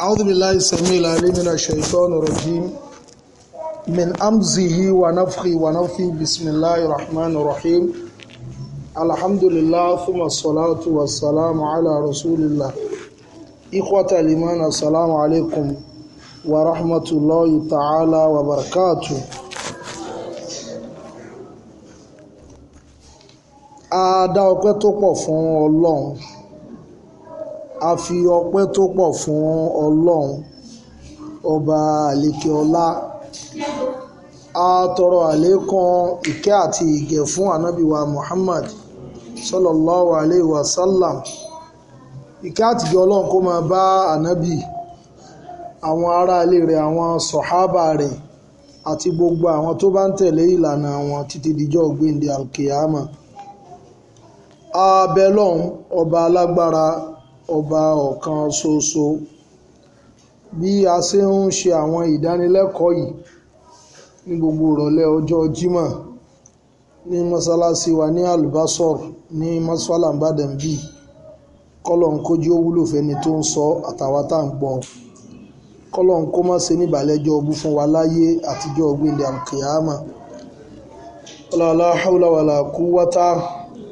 أعوذ بالله السميع العليم من الشيطان الرجيم من أمزه ونفخه ونفخه بسم الله الرحمن الرحيم الحمد لله ثم الصلاة والسلام على رسول الله إخوة الإيمان السلام عليكم ورحمة الله تعالى وبركاته a dá ọpẹ́ tó pọ̀ fún a fi ọpẹ́ tó pọ̀ fún ọlọ́run ọba àlékeọlá a tọrọ àlékún ìkẹ́ àti ìgẹ̀ fún ànábìwa muhammad sallallahu alayhi wa sallam ìkẹ́ àti ìgẹ̀ ọlọ́run kó máa bá ànábì àwọn aráalé rẹ̀ àwọn sọ̀hábà rẹ̀ àti gbogbo àwọn tó bá ń tẹ̀lé ìlànà àwọn títí dijọ́ gbéǹde alkiyama abẹ́lọ́hún ọba alágbára ọba ọ̀kan ṣoṣo bí a ṣe ń ṣe àwọn ìdánilẹ́kọ̀ọ́ yìí ní gbogbo ìrọ̀lẹ́ ọjọ́ Jímọ̀ ní mọ́ṣáláṣí wa ní alubasor ní mọ́ṣálà ìbàdàn bí kọ́lọ̀n kó jí ó wúlò fẹ́ni tó ń sọ àtàwa tá à ń gbọ́ kọ́lọ̀n kó má ṣe níbàlẹ́jọ́ ọbú fún wa láyé àtijọ́ ọgbẹ́lẹ̀ alkiyama la hawla wala quwwata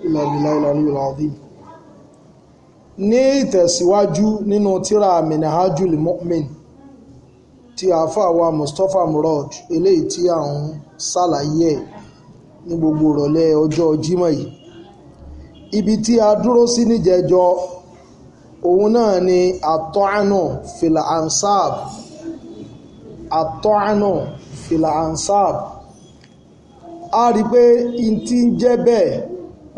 illa billahi al-aliyyil ní ìtẹ̀síwájú nínú tíra minahajul mu'min ti àfàwà mustapha murad eléyìí tí à ń ṣàlàyé ẹ̀ ní gbogbo ìrọ̀lẹ́ ọjọ́ jímọ̀ yìí ibi tí a dúró sí níjẹjọ òun náà ni àtọ́ánù filansab ansab filansab a rí i pé n ti ń jẹ́ bẹ́ẹ̀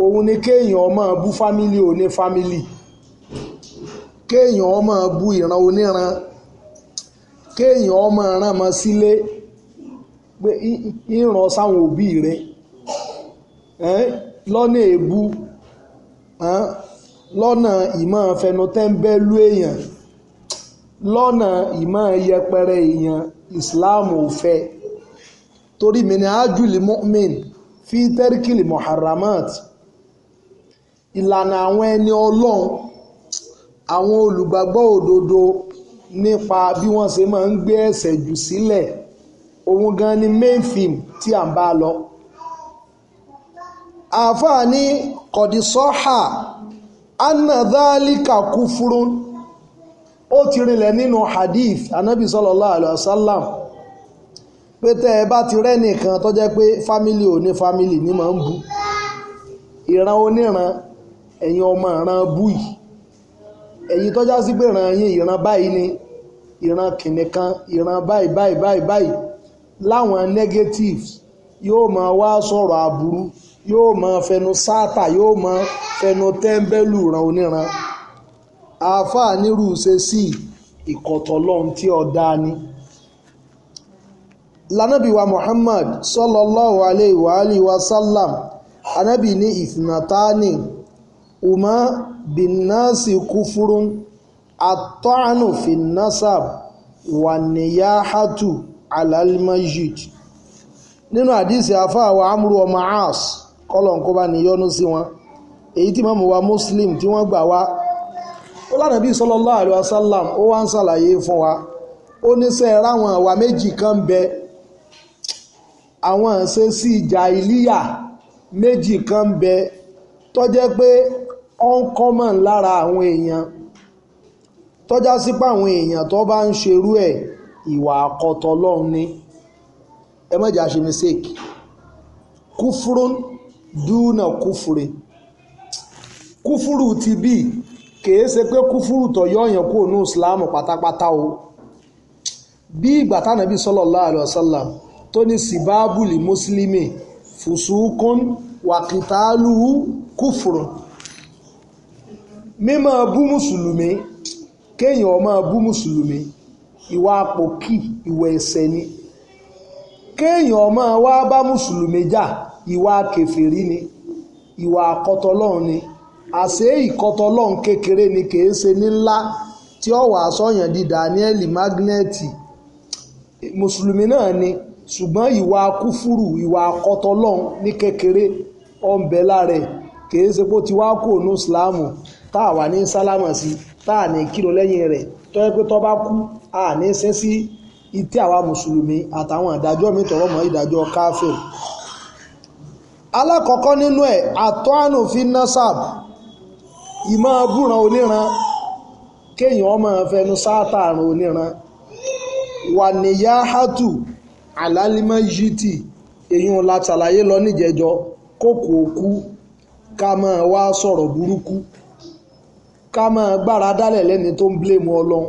òun ni kéèyàn máa bú fámílì oní fámílì. Family kéèyàn ọmọ bu ìran oníran kéèyàn ọmọ ràn mọ́ sílé pé ìran sáwọn òbí rẹ lọ́nà èébú lọ́nà ìmọ̀ fẹnutẹ́ńbẹ́lú èèyàn lọ́nà ìmọ̀ yẹpẹrẹ èèyàn Islam ò fẹ́ torí minahajuli mu'min fi tẹ́ríkìlì muharramat ìlànà àwọn ẹni ọlọ́run àwọn olùgbàgbọ́ òdodo nípa bí wọ́n ṣe máa ń gbé ẹ̀ṣẹ̀ jù sílẹ̀ òun gan ni main film tí à ń bá lọ. àáfàá ní kọ̀dísọ́hà anadhalika kúfurún ó ti rinlẹ̀ nínú hadith anabi sallallahu alayhi wa sallam pé tẹ́ ẹ bá ti rẹ́nìkan tó jẹ́ pé fámìlì ò ní fámìlì ní máa ń bu ìran oníran ẹ̀yin ọmọ ìran bú yìí eyi tó já sí pé ìran yín ìran báyìí ni ìran kìnìkan ìran báyìí báyìí báyìí báyìí láwọn negatives yóò máa wá sọ̀rọ̀ aburu yóò máa fẹnu sáàtà yóò máa fẹnu tẹ́ńbẹ́lú ìran oníran àáfàá nírú ṣe sí ìkọ̀tọ̀lọ́hún tí ọ̀dá ni lanabi wa muhammad sallallahu alayhi wa sallam anabi ní ìfìnnàtánì umar bínáàsì kúfúrú àtọ́ànù fi nasab wà níyàhátù alálmájid nínú àdísì àfáàwà amúrú ọmọ as kọlọ̀nkọba níyọnú sí wọn èyí tí mọ́mù wa muslim tí wọ́n gbà wá ó lànà bí sallallahu alaihi wasallam ó wá ń ṣàlàyé fún wa ó níṣẹ́ ráwọn àwa méjì kan bẹ àwọn ìṣesí ìjà ìlíyà méjì kan bẹ tó pé uncommon lára àwọn èèyàn tọ́já sí pé àwọn èèyàn tó bá ń ṣerú ẹ̀ ìwà àkọ́tọ̀ lọ́hùn ni ẹ má ṣe àṣẹ mistake kufuru dúnà kúfúre kúfúrú ti bí ṣe pé kúfúrú kúrò ní pátápátá o bí ìgbà sọlọ tó ní mùsùlùmí fùsùkún wàkìtàlù mímọ́ bú mùsùlùmí kéèyàn ó máa bú mùsùlùmí ìwà àpòkì ìwà ẹ̀ṣẹ̀ ni kéèyàn ó máa wá bá mùsùlùmí jà ìwà kèfèrí ni ìwà àkọtọlọ́run ni àṣé ìkọtọlọ́run kékeré ni kìí ṣe ní ńlá tí ó wàá di Daniel magneti mùsùlùmí náà ni ṣùgbọ́n ìwà kúfúrù ìwà àkọtọlọ́run ní kékeré ó ń bẹ lára ẹ̀ kìí ṣe pé ó ti wá kó ònú Islam tá a wà ní sálámà sí tá ní kírun lẹ́yìn rẹ̀ tó yẹ pé tó bá kú a ní sin sí ìtẹ́ àwa mùsùlùmí àtàwọn ìdájọ́ mi tọ̀rọ̀ mọ́ ìdájọ́ káfíìn alákọ̀ọ́kọ́ nínú ẹ̀ àtọ́ànù fi nasab ìmọ̀ búran oníran kéèyàn ọmọ fẹnu sátàrùn oníran wà níyà hátù àlálímọ̀ yìtì èyàn látàlàyé lọ níjẹjọ kókò òkú ká máa wá sọ̀rọ̀ burúkú ká máa gbára dálẹ̀ lẹ́ni tó ń bléèmù ọlọ́run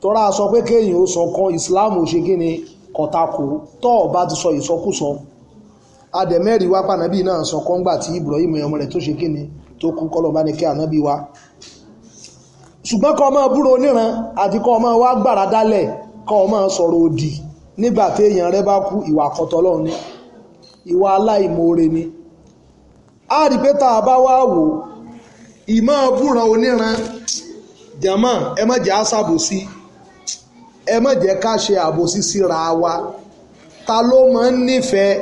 tọ́ra sọ pé kéèyàn ó sọ kan islam ò ṣe kí ni kọ̀tàkù tọ́ ọ bá ti sọ ìsọkúsọ adẹ̀mẹ́rì wá pànábì náà sọ kọ́ngbà tí Ibrahim ọmọ rẹ̀ tó ṣe kí ni tó kú kọ́lọ̀ bá ní kí ànábì wá ṣùgbọ́n kọ́ ọmọ búrò oníran àti kọ́ ọmọ wá gbàrà dálẹ̀ kọ́ ọmọ sọ̀rọ̀ òdì nígbà tí rẹ bá kú ìwà àkọ́tọ̀ ni ìwà aláìmoore ni a rí pé tá a bá wá wò ìmọ̀ búran oníran jàmọ́ ẹ má jẹ́ àṣàbòsí ẹ má jẹ́ ká ṣe àbòsí síra wa ta ló máa ń nífẹ̀ẹ́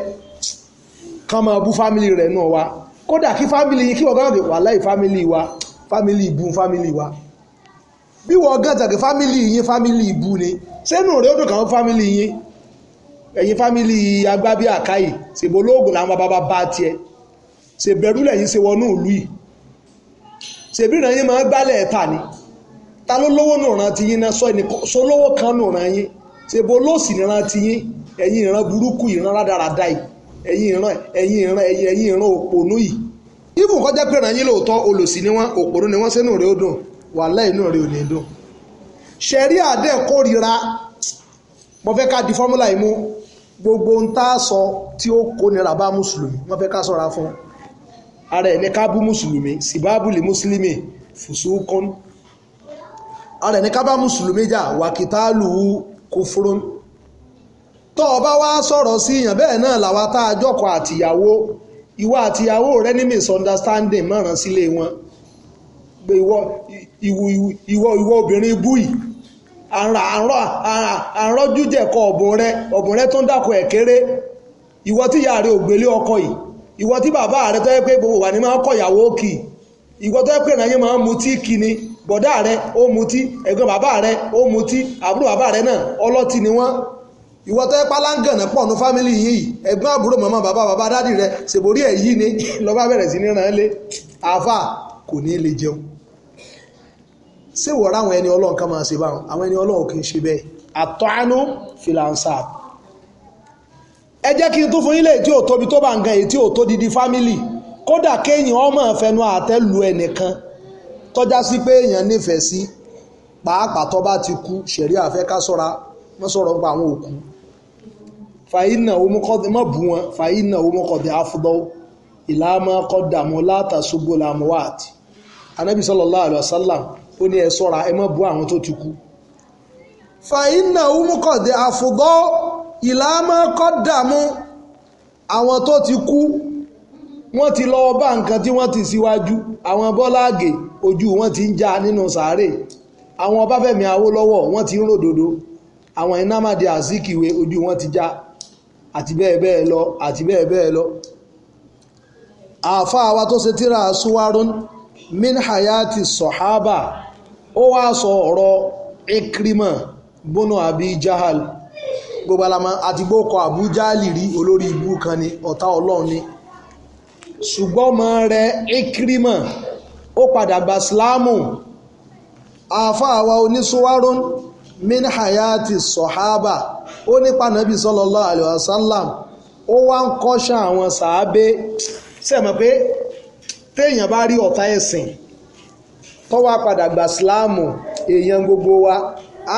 ká máa bú fámìlì rẹ̀ náà wa kódà kí fámìlì yìí kí wọ́n gbọ́dọ̀ wà láì fámìlì wa fámìlì ìbú fámìlì wa bí wọ́n gán tàbí fámìlì yín fámìlì ìbú ni sẹ́nu rẹ̀ ó dùn káwọn fámìlì yín ẹ̀yin fámìlì agbábí àkáyì ṣèbó lóògùn làwọn bàbá bá tiẹ̀ ṣèbẹ̀rù lẹ́yìn ṣe wọnú ìlú yìí ṣèbí ìran yín máa gbálẹ̀ ẹ̀ta ni ta ló lówó nù ran ti yín náà sọ ẹnìkan so lówó kan nù ran yín ṣèbó lóòsì níran ti yín ẹ̀yin ìran burúkú ìran rádaràda yìí ẹ̀yin ìran ẹ̀yin ìran ẹ̀yin ìran òpònú yìí ibùn kọjá pé ìran yín lóòótọ́ olòṣì ni wọ́n òpònú ni wọ́n sẹ́nu rẹ̀ ó dùn wàhálà inú rẹ̀ ò ní dùn ṣẹ̀rí àdẹ́ kórìíra mo fẹ́ ká di fọ́múlà yìí mú gbogbo ń tá a sọ tí ó kó nira bá mùsùlùmí mo fẹ́ ká sọ̀ra fún un ara ẹ̀ ní kábú mùsùlùmí sìbábùlì mùsùlùmí fùsùkún ara ẹ̀ ní kábá mùsùlùmí jà wàkìtálù kófúrún tó o bá wá sọ̀rọ̀ sí èèyàn bẹ́ẹ̀ náà làwa tá a jókòó àtìyàwó ìwọ àtìyàwó rẹ ní misunderstanding mọ̀ràn sílé wọn pé ìwọ ìwọ ìwọ obìnrin ibú yìí àrọ́jú jẹ̀kọ ọ̀bùn rẹ ọ̀bùn rẹ tó ń dàkọ ẹ̀kẹ́rẹ́ ìwọ tíyà ògbélé ọkọ yìí ìwọ tí bàbá rẹ tó yẹ pé gbogbo wà ní máa ń kọ ìyàwó kì ìwọ tó yẹ pé ìrànyẹ máa ń mutí kì ni bọ̀dá rẹ ó mutí ẹ̀gbọ́n bàbá rẹ ó mutí àbúrò bàbá rẹ náà ọlọ́tí ni wọ́n ìwọ tó yẹ pálángànà pọ̀ ní fámìlì yìí ẹ̀gbọ́n àbúrò màmá bàbá bàbá dádì rẹ ṣèbórí ẹ̀ yìí ni lọ́ba bẹ̀rẹ̀ sí ní ràn án lé àáfà kò ní lè jẹun ṣé wọ́n ráwọn ẹni ọlọ́run ká máa ṣe báwọn àwọn ẹni ọlọ́run kì í ṣe bẹ́ẹ̀ àtọ́ánú filansaap ẹ jẹ́ kí n tún fún yín lè tí ò tóbi tó bá ń gan èyí tí ò tó didi fámìlì kódà kéèyàn ọmọ ìfẹnu àtẹ́ lu ẹnìkan tọ́já sí pé èèyàn nífẹ̀ẹ́ sí pàápàá tó bá ti kú ṣẹ̀rí àfẹ́ ká sọ́ra wọ́n sọ̀rọ̀ pa àwọn òkú fàyínà omukọ́dé má bú wọn fàyínà omukọ́dé afúdọ́ ìlàmọ́ kọ́dàmọ́ látàṣogbo làmúwàtì anábì sallallahu alaihi wasallam ó ní ẹ sọ́ra ẹ má bú àwọn tó ti kú fàyínà omukọ́dé afúdọ́ ìlàmọ́ kọ́dàmú àwọn tó ti kú wọ́n ti lọ́wọ́ bá nǹkan tí wọ́n ti síwájú àwọn bọ́láàgè ojú wọn ti ń já nínú sàárè àwọn ọbáfẹ́mi awólọ́wọ̀ wọ́n ti ń ròdòdó àwọn ìnámàdé àsíkìwé ojú wọn ti já àti bẹ́ẹ̀ bẹ́ẹ̀ lọ àti bẹ́ẹ̀ bẹ́ẹ̀ lọ àáfàá wa tó ṣe tíra suwarun min hayati sọ̀hábà ó wá sọ ọ̀rọ̀ ikrima bónú àbí jahal gbogbo alamọ àti gbókọ àbújáàlì rí olórí ibú kan ni ọ̀tá ọlọ́run ni ṣùgbọ́n ọmọ rẹ̀ ikrimọ̀ ó padà gba síláàmù àáfàá wa oníṣòwárún min hayati sọ̀hábà ó nípa nàbí sallallahu alaihi wasallam ó wá ń kọ́ṣà àwọn sàábé sẹ́mọ̀ pé téèyàn bá rí ọ̀tá ẹ̀sìn tó wá padà gba síláàmù èèyàn gbogbo wa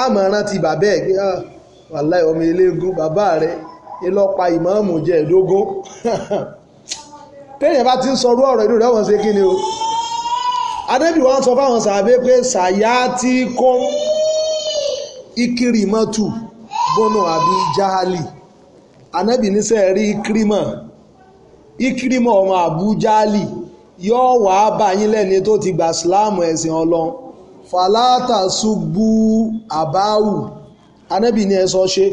àmọ̀ràn ti bàbá ẹ̀ gbé hàn ah, wàláì ọmọ eléégún bàbá rẹ̀ ìlọ́pa ìmáàmù jẹ́ ìdógún téèyàn bá ti ń sọ ọ̀rọ̀ inú rẹ̀ wọ́n ṣe kí ni o adébí wọn sọ fáwọn sàbẹ pé sàyà tí kó ikirimọ́tù bọ́nà àbí jahali anábì níṣẹ́ rí ikirimọ́ ikirimọ́ ọmọ àbú jahali yóò wá báyín lẹ́ni tó ti gbà síláàmù ẹ̀sìn ọlọ́run fàlátà ṣubú àbáwù anábì ní ẹ sọ ṣe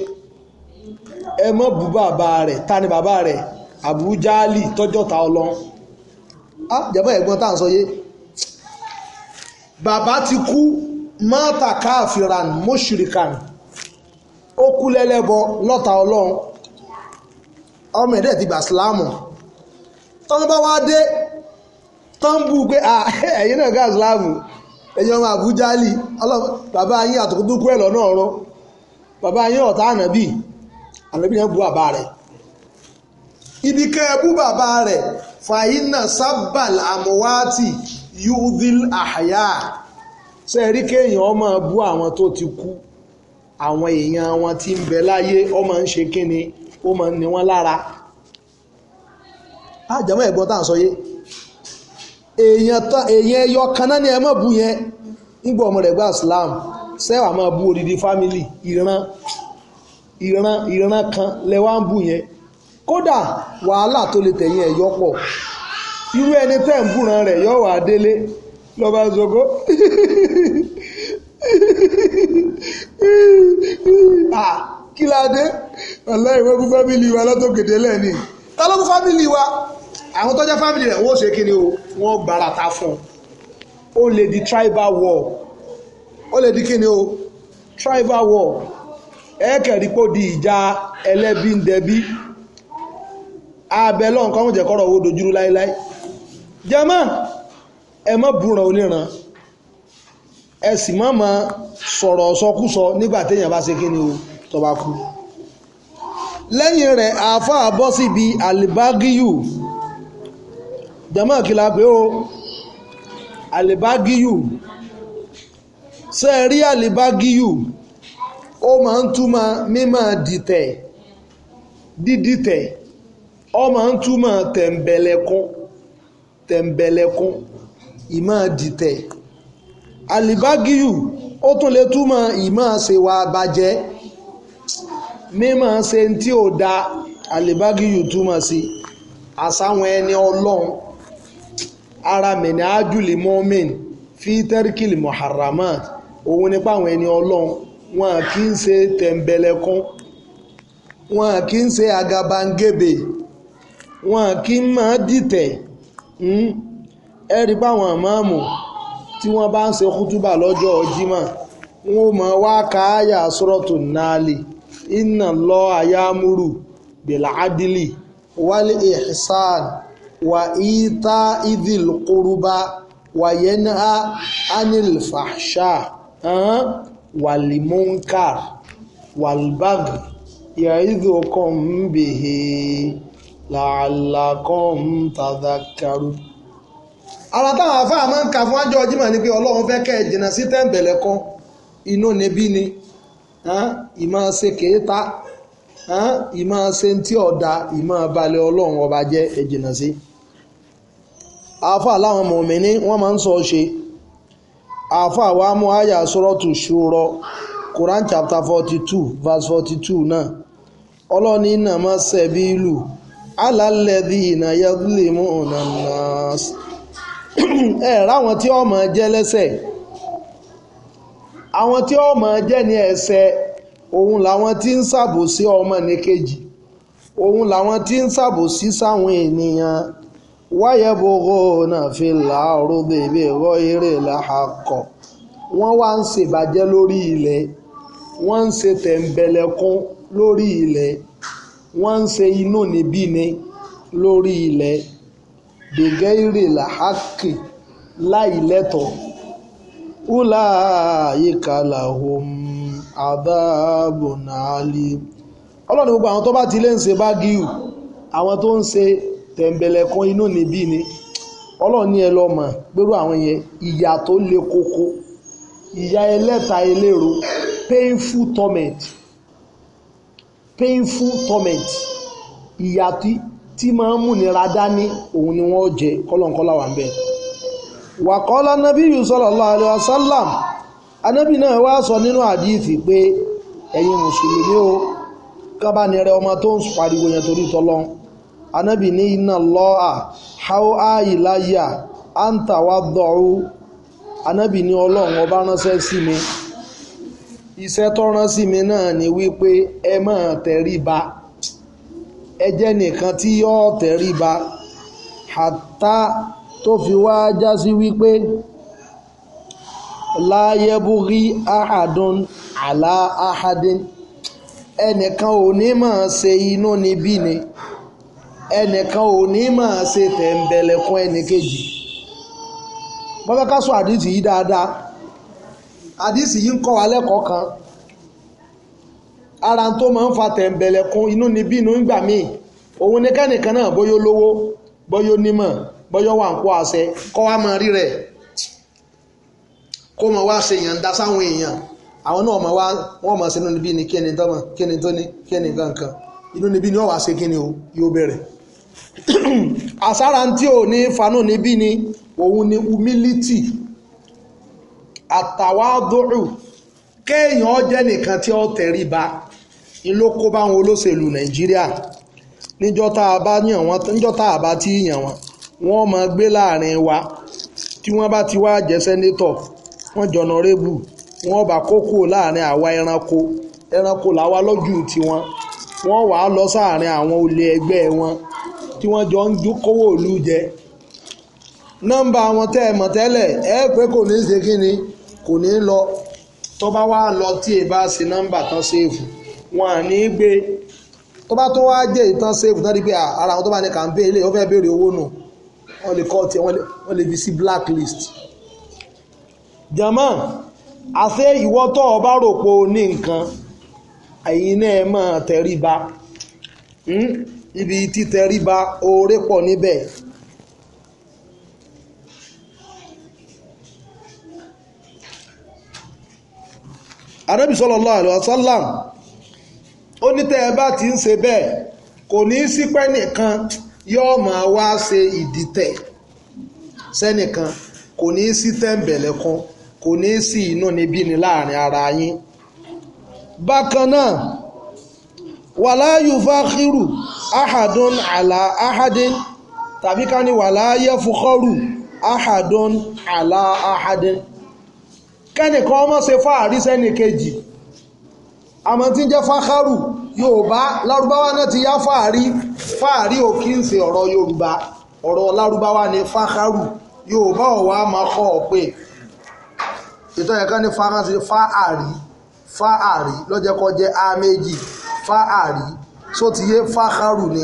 ẹ mọ́ bú bàbá rẹ̀ ta ni bàbá rẹ̀ àbújáàlì tọ́jọ́ta ọlọ́run á ah, jẹ́bọ́ ẹ̀gbọ́n tá à ń sọ yé bàbá ti kú mọ́ta káàfìràn mọ́ṣùrìkàn ó kú lẹ́lẹ́bọ lọ́ta ọlọ́run ọmọ ẹ̀dẹ́ ti gbà síláàmù tọ́nà wá dé tọ́ǹbù pé ah, ẹ̀yin náà gbà síláàmù ẹ̀yin ọmọ àbújáàlì bàbá yín àtòkùtù kú ẹ̀ lọ́nà ọ̀run bàbá yín ọ̀tá ànábì ànábì yẹn bú bàbá rẹ̀ ibi kẹ́ẹ̀bú bàbá rẹ̀ fàyínà sábàl àmúwátì yúdíl àhàyà ṣe rí kéèyàn ọmọ bú àwọn tó ti kú àwọn èèyàn wọn tí ń bẹ láyé ọmọ ń ṣe kíni ó máa ń ni wọ́n lára ah, àjẹmọ́ ẹ̀gbọ́n tá à ń sọ yé èèyàn ẹyọ kan náà ni ẹ mọ̀ bú yẹn nígbà ọmọ rẹ̀ gba Islam sẹ́wà máa bú odidi fámìlì ìran ìran ìran kan lẹ́wà ń bù yẹn kódà wàhálà tó lè tẹ̀yìn ẹ̀ yọpọ̀ irú ẹni tẹ́ ń búran rẹ̀ yọ wà délé lọ́ba zogo ah, kí la dé ọ̀la ìwé fún fámìlì wa látòkèdè lẹ́ni ta ló fún wa àwọn tọ́jà fámìlì rẹ̀ wọ́n ṣe kí ni o wọ́n gbára ta fún un ó lè di tribal war ó lè di kí ni o tribal war ẹ̀ẹ́kẹ̀rí pò di ìjà ẹlẹ́bí ń dẹbí abẹ́ lọ́nkọ́ ń jẹ́ kọ́rọ̀ owó dojúrú láéláé jẹ́mọ́ ẹ má búran oníran ẹ sì má ma sọ̀rọ̀ sọkúsọ nígbà téèyàn bá ṣe kí ni o tó bá kú lẹ́yìn rẹ̀ àáfàá bọ́ síbi alibagiyu jẹ́mọ́ kí la pé o alibagiyu ṣe rí àlìbágíyù ó máa ń túmọ̀ mímọ̀ dìtẹ̀ dídìtẹ̀ ó máa ń túmọ̀ tẹ̀m̀bẹ̀lẹ̀kún tẹ̀m̀bẹ̀lẹ̀kún ìmọ̀ dìtẹ̀ àlìbágíyù ó tún lè túmọ̀ ìmọ̀ ṣèwà àbàjẹ́ mímọ̀ ṣe tí ò da àlìbágíyù túmọ̀ sí àsáwọn ẹni ọlọ́run ara mẹ́ni ájúlì mọ́mìn fi tẹ́ríkìlì muharramat òun nípa àwọn ẹni ọlọ́run wọn kì í ṣe tẹ̀m̀bẹ̀lẹ̀kún wọn kì í ṣe agabangebe wọn kì í máa dìtẹ̀ hmm? ẹ rí báwọn tí wọ́n bá ń ṣe kútúbà lọ́jọ́ jímọ̀ wọn ò mọ̀ wá káyà sọ́rọ̀tù náàlì iná lọ àyámúrù bìlàádìlì wálé ihsan wà ìta ìdìl kúrúbá wà yẹn ní anil fàṣà. wal-munkar wal-baghi ya'izukum bihi la'allakum tadhakkarun. ara táwọn afáà máa ń ka fún ajọ́ jimá ni pé ọlọ́run fẹ́ kẹ́ ẹ̀ jìnnà sí tẹ̀m̀bẹ̀lẹ̀ kan inú níbí ni ìmọ̀ ṣe kéétà ìmọ̀ ṣe ń tí ọ̀dà ìmọ̀ balẹ̀ ọlọ́run ọba jẹ́ ẹ̀ jìnnà sí. afáà láwọn mọ̀mí wọ́n máa ń sọ ṣe. àáfàá wa mu aya sọ́rọ́tù ṣòro Quran chapter forty verse forty two náà ọlọ́ni nàmọ́ sẹ́bí ìlú alálẹ́bí ìnáyà na mú ọ̀nà náà ẹ̀ ráwọn tí ọmọ jẹ́ lẹ́sẹ̀ àwọn tí ọmọ jẹ́ ní òun làwọn tí ń ṣàbòsí ọmọ ní kejì òun làwọn tí ń ṣàbòsí sáwọn ènìyàn wáyẹ̀bùrúnà fi làárọ̀ bèbè rọ eré làákọ̀ wọ́n wá ń ṣèbàjẹ́ lórí ilẹ̀ wọ́n ń ṣe tẹ̀m̀bẹ̀lẹ̀kún lórí ilẹ̀ wọ́n ń ṣe inú níbí ni lórí ilẹ̀ gbègé eré làákì láì lẹ́tọ̀ húlà àyíká làwọn àdáàbò náà lè ọlọ́run gbogbo àwọn tó bá ti lè ń ṣe bágíù àwọn tó ń ṣe tẹ̀m̀bẹ̀lẹ̀kọ inú níbí ni ọlọ́run ní ẹ mọ̀ àwọn yẹn tó le koko ìyá ẹlẹ́ta eléro painful torment painful torment tí ma máa ń múnira dání òun ni wọ́n jẹ kọ́lọ̀nkọ́lá wà ń bẹ̀. wàkọ́lá nàbí sallallahu alaihi wasallam anabi náà wá sọ nínú pé ẹ̀yin mùsùlùmí o ọmọ tó ń pariwo yẹn torí anábì ní iná lọ́à how àìláyà áńtà wá dọ̀ọ́ anábì ní ọlọ́run ọba ránṣẹ́ sí mi iṣẹ́ tó rán sí mi náà ni wípé ẹ máa tẹríba ẹ jẹ́ nìkan tí yóò ba hàtá tó fi wá já sí wípé láyébúrí ahadun àlá ahadin ẹnìkan ò ní máa ṣe inú níbí ni. ẹnìkan ò ní máa ṣe tẹ̀m̀bẹ̀lẹ̀kún ẹnìkejì wọ́n fẹ́ ká sọ àdìsí yìí dáadáa àdìsí yìí ń kọ́ wa lẹ́kọ̀ọ́ kan ara tó máa ń fa tẹ̀m̀bẹ̀lẹ̀kún inú ni bí inú ń gbà míì òun ní kẹ́nìkan náà bóyó lówó bóyó nímọ̀ bóyó wà ń kó àṣẹ kọ́ wa máa rí rẹ̀ wá ṣe sáwọn èèyàn àwọn náà mọ̀ wá wọ́n mọ̀ ni tó kankan inú ni wọ́n wá ṣe o yóò àsára tí ò ní fanú níbí ni òun ni humility àtàwádùrù kéèyàn jẹ́ nìkan tí ó tẹríba ló kó bá wọn olóṣèlú nàìjíríà níjọ́ tá a bá yàn wọ́n níjọ́ tá wọ́n wọ́n gbé láàrin wa tí wọ́n bá ti wá jẹ́ sẹ́nétọ̀ wọ́n jọ̀nà rébù wọ́n bá kókó láàrin àwa ẹranko ẹranko làwa lójú tiwọn wọ́n wàá lọ sáàrin àwọn olè ẹgbẹ́ wọn tí wọ́n jọ ń kówó òlu jẹ nọ́mbà wọn tẹ́ ẹ mọ̀ tẹ́lẹ̀ ẹ pé kò ní í ṣe kí ni kò ní í lọ tó bá wá lọ tí ì bá ṣe nọ́mbà tán ṣéèfù wọn à ní í gbé tó bá tó wá jẹ́ ìtàn ṣéèfù tán rí pé ara àwọn tó bá ní campaign ilé ìwọ́fẹ́ béèrè owó nù wọ́n lè kọ́ tiẹ̀ wọ́n lè fi sí blacklist. jama àṣé ìwọ tó o bá rò pé o ní nǹkan ẹ̀yin náà máa tẹríba hmm? ibi títẹríba oore pọ̀ níbẹ̀. Ànábì sallallahu alaihi wasallam ó ní tẹ́ ẹ bá ti ń ṣe bẹ́ẹ̀ kò ní í sípẹ́ nìkan yóò máa wá ṣe ìdìtẹ̀ sẹ́nìkan kò ní í sí tẹ́ǹbẹ̀lẹ̀ kan kò ní í sí inú níbí ni láàrin ara yín bákan náà wàláyù fáhírù ahadun ala ahadin tàbí ká ní wàlá yẹ́fukọ́rù ahadun ala ahadin kẹ́nìkan ọmọ ṣe fáàrí sẹ́nì kejì àmọ́ tí ń jẹ́ fákárù yorùbá lárúbáwá náà ti yá fáàrí fáàrí ò kí ń ṣe ọ̀rọ̀ yorùbá ọ̀rọ̀ lárúbáwá ni fákárù yorùbá ọ̀wá máa kọ́ ọ pé ìtọ́ yẹn kan ní fáàrí fáàrí jẹ́ a méjì só ti yé fáhárù ni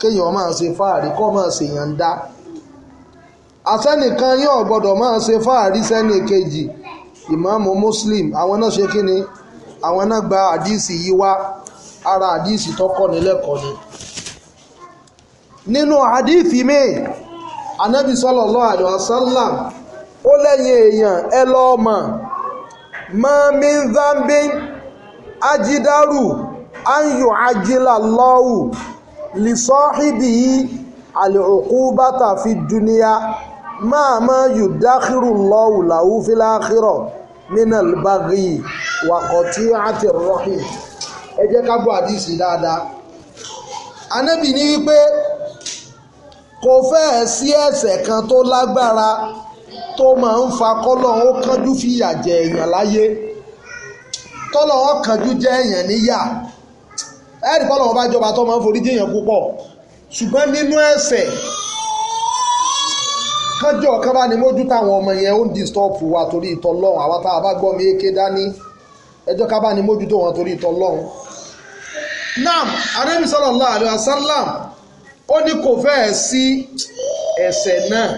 kéèyàn máa ṣe fáàrí kó máa ṣe yàn àsẹ́nìkan yóò gbọ́dọ̀ máa ṣe fáàrí sẹ́nì kejì ìmáàmù muslim àwọn náà ṣe kí ni gba àdíìsì yìí wá ara àdíìsì tọ́kọ̀ nílẹ̀kọ̀ọ́ nínú àdíìsì míì anábì ó lẹ́yìn èèyàn ẹ lọ́ọ́ mọ̀ anyu ajila lọ́wù lè sọ́hìbì yìí àlèkú bàtà fi dúníyà máa máa yù dákìrù lọ́wù làwù fìlàkìrọ̀ nínà bàgì wàkọ̀tí àti rọ́hì ẹ jẹ́ ká bọ́ àdìsí dáadáa anábì ní wípé kò fẹ́ẹ̀ sí ẹ̀ṣẹ̀ kan tó lágbára tó máa ń fa kọ́lọ̀ ó kánjú fìyà jẹ èèyàn láyé tọ́lọ̀ ó kánjú èèyàn níyà ẹ̀rí pé Ọlọ́run bá jọba tó máa ń forí jìyàn púpọ̀ ṣùgbọ́n nínú ẹ̀ṣẹ̀ kánjọ́ kan bá ní mójú táwọn ọmọ yẹn ó ń distọ́pù wa torí ìtọ́lọ́run àwa tá a bá gbọ́ mi éké dání ẹjọ́ ká bá ní mójú tó wọn torí ìtọ́lọ́run. nam Ànábì sallallahu alaihi wasallam ó ní kò fẹ́ẹ̀ sí ẹ̀ṣẹ̀ náà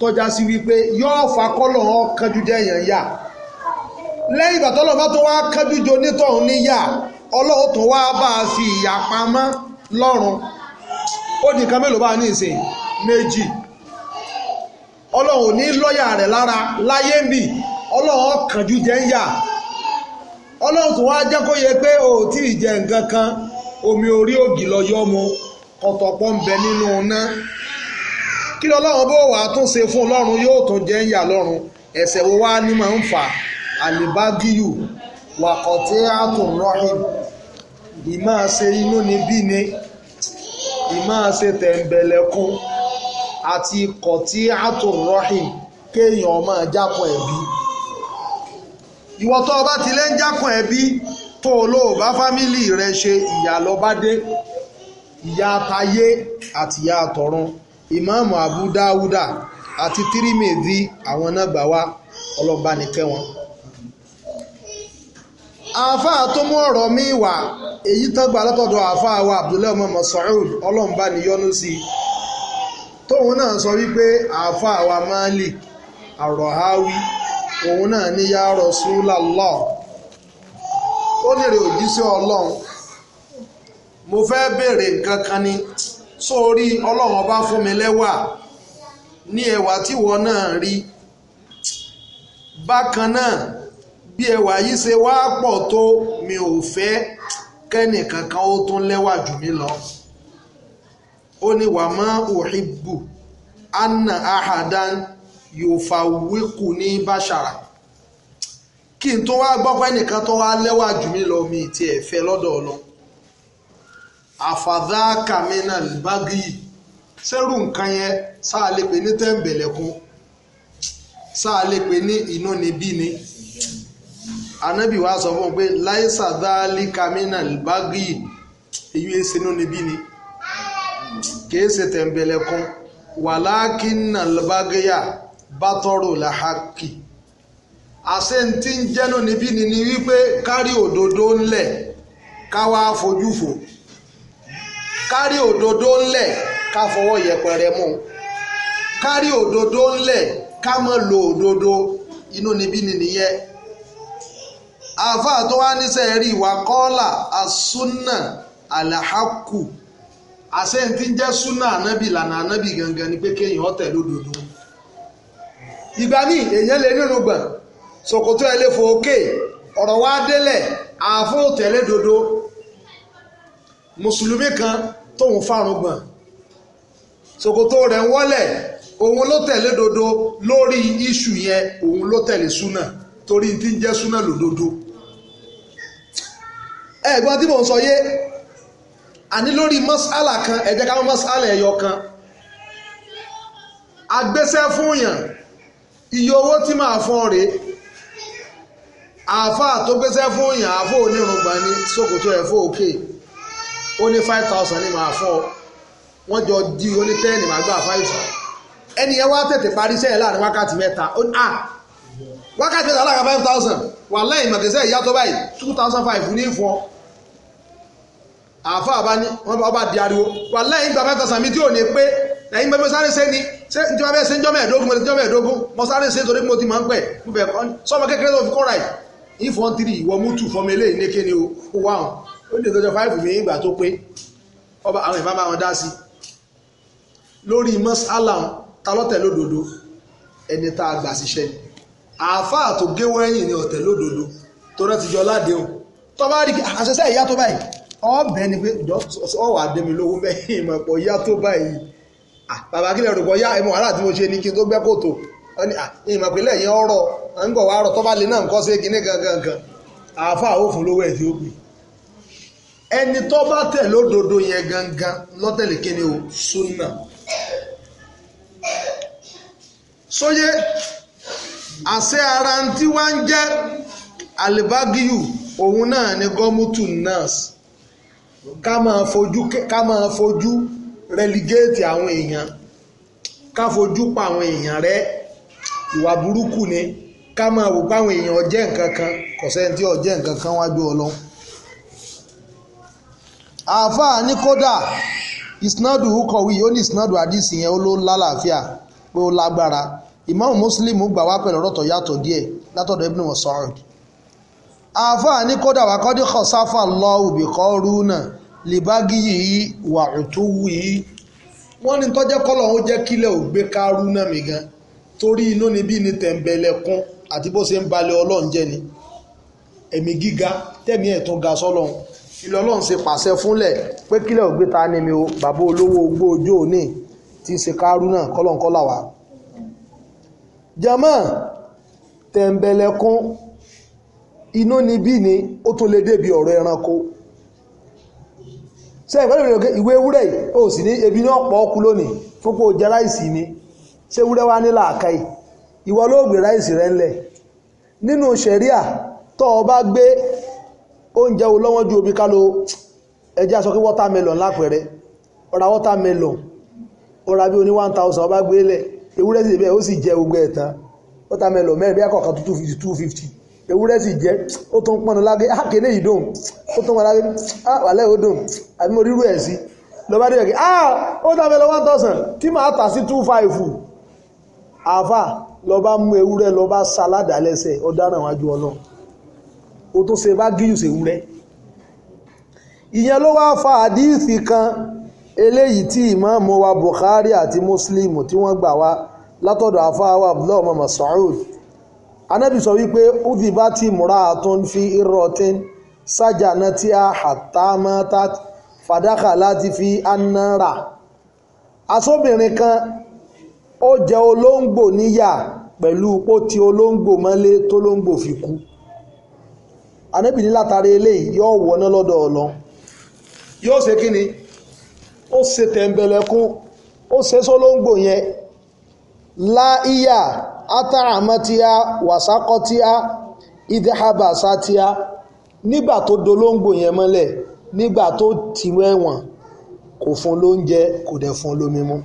tọ́já sí wípé yóò fa kọ́lọ̀ ọ́ kánjú jẹ́ èèyàn yà lẹ́yìn ìgbà tọ́lọ́ bá tó wá kánjú jo nítọ̀hún níyà ọlọ́run wá bá a fi ìyà pamọ́ lọ́rùn ó di nǹkan bá a ní ìsìn méjì ọlọ́run ní lọ́yà rẹ̀ lára láyé ń bì ọlọ́run jẹ́ ń yà ọlọ́run tó wá jẹ́ yẹ pé ó ò tí jẹ nǹkan kan omi orí ògì yọ nínú iná kí bó wàá tún ṣe fún ọlọ́run yóò tún ìmáa ṣe inú níbí ni ìmáa ṣe tẹ̀m̀bẹ̀lẹ̀kún àti ikọ̀ tí àtòrọ́hìn kéèyàn máa jápọ̀ ẹ̀bí ìwọ tó o bá ti lè ń jápọ̀ ẹ̀bí tó o lò bá fámìlì rẹ ṣe ìyà ló bá dé àti ìyà àtọ̀run ìmáàmù Abu Dáúdà àti Tírímèdì àwọn náà gbà wá ọlọ́ba nìkẹ́ wọn. àáfàá tó mú ọ̀rọ̀ mi wa èyí tán gba wa Abdullahi ọmọ Mas'ud ọlọ́mùbá ni yọ́nú sí naa tóun náà sọ wípé àáfàá wa Malik àròháwí òun náà ní yá Rasulullah ó nírè òjíṣẹ́ ọlọ́run mo fẹ́ bere nǹkan kan ni sórí ọlọ́run ọba fún mi lẹ́wà ní ẹwà bakan náà rí bákan náà bí ẹwà yìí ṣe wá pọ̀ tó mi ò fẹ́ kẹ́nìkankan ó tún lẹ́wà jù mí lọ ó ní wà má uhibbu anna ahadan yufawwiqu ní bashara kí n tó wá gbọ́ pé ẹnìkan tó wá lẹ́wà jù mí lọ mi ti ẹ̀ fẹ́ lọ́dọ̀ ọlọ àfàdákà mi náà sẹ́rù nǹkan yẹn sáà lè pè ní tẹ́ǹbẹ̀lẹ̀kún sáà lè pè ní ìnúnibíni. No anabi wa sọ fún un pé láìsà dáálí kamínà bágì èyí ẹsẹ inú níbí ni kìí ṣe tẹ̀m̀bẹ̀lẹ̀kún wàlákínà bágìyà bá tọrọ làhákì àṣẹ tí ń jẹ́nu níbí ni ni wípé kárí òdodo ńlẹ̀ káwá fojú fò kárí òdodo ńlẹ̀ ká fọwọ́ yẹpẹrẹ mú kárí òdodo ńlẹ̀ ká má lo òdodo inú níbí ni nìyẹn. afọ tó wá níṣẹ́ rí ìwà kọ́ọ́là asúnà àlàákù àṣẹ tí ń jẹ́ súnà ànábì gangan ni pé kéèyàn ọ̀tẹ̀ lódodo ìgbà míì èèyàn lè nínú gbà lè òkè dodo mùsùlùmí kan tóun fárun sokoto ń òun dodo lórí iṣu yẹn òun ló torí ti ń ẹ̀gbọ́n tí mò ń sọ yé àní lórí mọ́sálà kan ẹ jẹ́ ká mọ́ mọ́sálà ẹ̀yọ kan agbésẹ́ fún yàn iye owó tí màá fún ọ rèé àáfàá tó gbésẹ́ fún yàn àáfàá ní ṣòkòtò ẹ̀ fún òkè ó ní five thousand ní màá fún ọ wọ́n jọ di oní ten ní màá gbà five ẹni yẹn wá tètè parí sẹ́yìn láàrin wákàtí mẹ́ta ó ní à wákàtí mẹ́ta láàrin five thousand wàhálà ìmọ̀tẹ́sẹ̀ ìyá tó báyìí two thousand five ní fún àáfàá bá ní wọ́n bá di ariwo wà lẹ́yìn gba five thousand mi tí ò ní pé ẹ̀yin bẹ́ẹ̀ sáré ṣe ni ṣé n tí wọ́n bẹ́ẹ̀ ṣe ń jọ́ mẹ́ẹ̀ẹ́dógún mo ti jọ́ mẹ́ẹ̀ẹ́dógún mo sáré ṣe torí mo ti máa ń pẹ̀ mo bẹ̀ kọ́ sọ́mọ kékeré tó fi kọ́ ra yìí if one ìwọ mú fọmọ eléyìí ní kíni o wá hàn ó lè tọ́jọ́ five mi ìgbà tó pé ọba àwọn ìbá bá wọn dá sí lórí mọ́sálà ta lódodo ẹni tá a gbà síṣẹ́ ni àáfàá tó ẹ̀yìn ni ọ̀tẹ̀ lódodo tó rẹ́ ti jọ ládéhùn tọ́ bá rí àṣẹṣẹ́ ìyá tó báyìí ọbẹ ni pé ọwọ́ àdémi lówó mẹ́yìn ìmọ̀ yá tó báyìí bàbá kílẹ̀ rògbò yá ya wàhálà tí mo ṣe ní kí n tó gbẹ́ kòtò ìmọ̀ ìpínlẹ̀ yẹn ọ̀rọ̀ ń bọ̀ wá rọ̀ lè náà ń gangan àáfà lówó ẹni tọba gangan o sunna sóyè àṣẹ ara alibagiyu òun náà ni ká máa fojú ká máa fojú relegate àwọn èèyàn ká fojú pa àwọn èèyàn rẹ ìwà burúkú ni ká máa wò páwọn èèyàn jẹ́ nǹkan kan kò sẹ́ni tí ò jẹ́ nǹkan kan wájú ọlọ́run àáfàá ní kódà ìsinádù kọ̀wé ó ní ìsinádù àdìsí yẹn ó ló lálàáfíà pé ó lágbára ìmáàmù Muslim gbà wá pẹ̀lú ọ̀rọ̀ tó yàtọ̀ díẹ̀ látọ̀dọ̀ Ibn Mas'ud àáfàá ní kódà wà kọ́ dí kọ́sáfà lọ òbíkọ́ rúnà lìbági yìí wà òtúwù yìí wọ́n ní tọ́jẹ́ kọ́lọ̀ ó jẹ́ kílẹ̀ ò gbé ká rúnà mi gan torí inú ni bí ni tẹ̀m̀bẹ̀lẹ̀kún àti bó ṣe ń balẹ̀ ọlọ́run jẹ́ ni ẹ̀mí gíga tẹ̀mí ẹ̀ tún ga sọ́lọ́run ilé ọlọ́run ṣe pàṣẹ fúnlẹ̀ pé kílẹ̀ ò gbé ta ni mi o bàbá olówó ogbó ojú òní tí ń ṣe kárúnà kọ́lọ̀nkọ́là wa jẹ́mọ́ tẹ̀m̀bẹ̀lẹ̀kún iná ni bí ni ó tún lè débi ọ̀rọ̀ ẹranko ṣe ìfẹ́ lórí ọ̀gẹ́ ìwé ewúrẹ́ yìí ó sì ní ebi ní ọ̀pọ̀ ọkú lónìí fún kó jẹ ráìsì ni ṣé ewúrẹ́ wá ní làákàyè ìwọ ló gbé ráìsì rẹ ńlẹ̀ nínú ṣẹ̀ríà tó o bá gbé oúnjẹ wo lọ́wọ́n ju omi ká lo ẹjẹ́ aṣọ kí watermelon lápẹ̀rẹ̀ ọ̀rà watermelon ọ̀rà bí oní one thousand ọba gbé lẹ̀ ewúrẹ́ sì bẹ́ẹ̀ ó sì jẹ ogbẹ́ ẹ̀ tán watermelon mẹ́rin bí akọ̀kan two fifty two fifty ewúrẹ́ sì jẹ́ ó tó ń pọnà lágé ákèlè ah, yìí dùn ó tó ń pọnà lágé àwàlẹ́ ah, ò dùn àbí mo rírú ẹ̀ sí lọ́ba dé ẹ̀kẹ́ ah ó dábẹ́ lọ one thousand tí màá tà sí two five àfà lọ́ba mú ewúrẹ́ lọ́ba sáládà lẹ́sẹ̀ ọ̀daràn wájú ọlọ́run ó tún ṣe bá gíyù sí ewúrẹ́ ìyẹn ló wá fa àdíìsì kan eléyìí tí ìmáàmù wa Bukhari àti Muslim tí wọ́n gbà wá látọ̀dọ̀ àfà wa Abdullahi Muhammad Saud anábì sọ wípé uzi bá ti múra àtún fi irọ́tín sájà náà tí a hàtámátá fàdákà láti fi anára asóbìnrin kan ó jẹ olóńgbò níyà pẹ̀lú pó ti olóńgbò mọ́lé tólóńgbò fi kú anábì ní látàrí eléyìí yóò wọná lọ́dọ̀ ọ̀lọ́ yóò ṣe kí ó ṣe tẹ̀m̀bẹ̀lẹ̀kún ó ṣe sólóńgbò yẹn láìyà átàràmọ́tíá wàsákọ́tíá ìdíhábàsátíá nígbà tó dolóńgbò yẹn mọ́lẹ̀ nígbà tó ti wẹ̀wọ̀n kò fún lóúnjẹ kò dẹ̀ fún lómi mu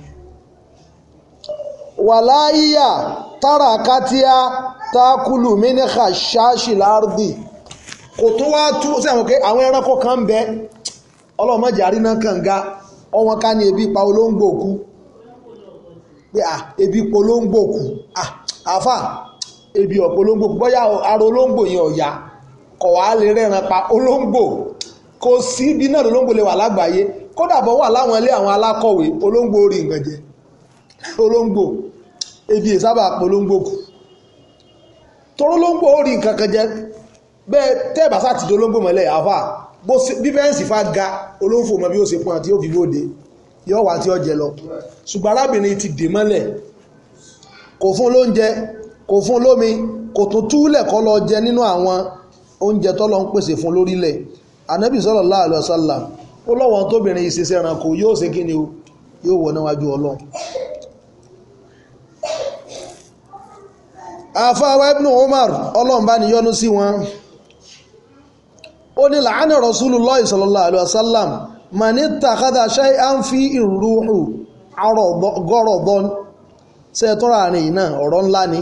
wàláyíyà tàràkàtíà tákùlù mínìkà ṣáàṣì láàrúdì kò tó wá tú sẹ́wọ̀n pé àwọn ẹranko kan ń bẹ ọlọ́mọdé àríná kànga ọwọ́n ká ní ebi pa olóńgbò kú pé à ah, ebi polongbo kù à ah, àfà ebi ọ̀pọ̀longbò kù bóyá aro olóńgbò yẹn ọ̀yà kọ̀ wá lè rẹ́ran pa olóńgbò kò sí ibi náà olóńgbò lè wà lágbàáyé kódà bọ́ wà láwọn ilé àwọn alákọ̀wé olóńgbò orí nǹkan jẹ olóńgbò ebi ìsábà polongbò kù toro olóńgbò orí nǹkan kan jẹ bẹ́ẹ̀ tẹ́ẹ̀bà sátidó olóńgbò mọ́lẹ̀ àfà bí fẹ́ǹsì fa ga olóńfò mọ́ bí ó ṣe pọ́n àti ó fi bóde yóò wá tí ó jẹ lọ ṣùgbọ́n arábìnrin ti dè mọ́lẹ̀ kò fún lóúnjẹ kò fún lómi kò tún túlẹ̀ kọ́ lọ jẹ nínú àwọn oúnjẹ tọ́lọ ń pèsè fún lórílẹ̀ anabi sallallahu alaihi wasallam ó lọ́wọ́n tóbìnrin ìṣesẹ́ ẹranko yóò ṣe kí ni o yóò wọ níwájú ọlọ́run àfáwá ibn umar ọlọ́run bá ní yọ́nú sí wọn ó ní làánà rasulullah sallallahu alaihi mani takada ṣe à ń fi ìrúhù gọ́rọ̀dọ́n ṣe tọ́ra àárín yìí náà ọ̀rọ̀ ńlá ni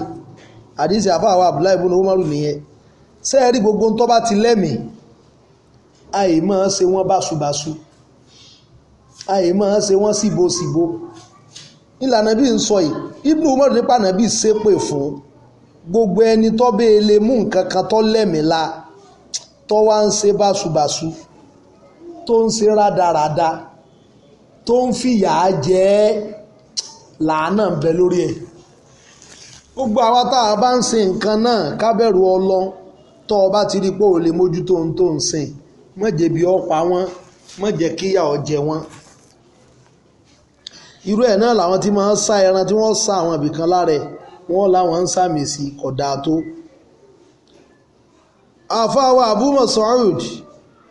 àdìsí àfàwọ̀ abdullahi ibùdó umaru nìyẹn ṣe é rí gbogbo tó bá ti lẹ́mìí àìmọ́ ṣe wọ́n báṣubàṣu àìmọ́ ṣe wọ́n síbòsíbò ìlànà bí n sọ yìí ibùdó umaru nípa nàbí ṣépè fún gbogbo ẹni tó bẹ́ẹ̀ lè mú nǹkan kan tó lẹ́mìí la tó wá ń ṣe báṣubàṣu. Bá tó ń ṣe rádaràda tó ń fìyà jẹ ẹ́ làánà bẹ lórí ẹ̀ gbogbo àwa tá a bá ń sin nǹkan náà kábẹ̀rù ọlọ tó o bá ti rí pé o lè mójútó ohun tó ń sìn má ọ̀pá wọn má ọ̀jẹ̀ wọn irú ẹ̀ náà làwọn tí máa ń ẹran tí wọ́n sa àwọn ibìkan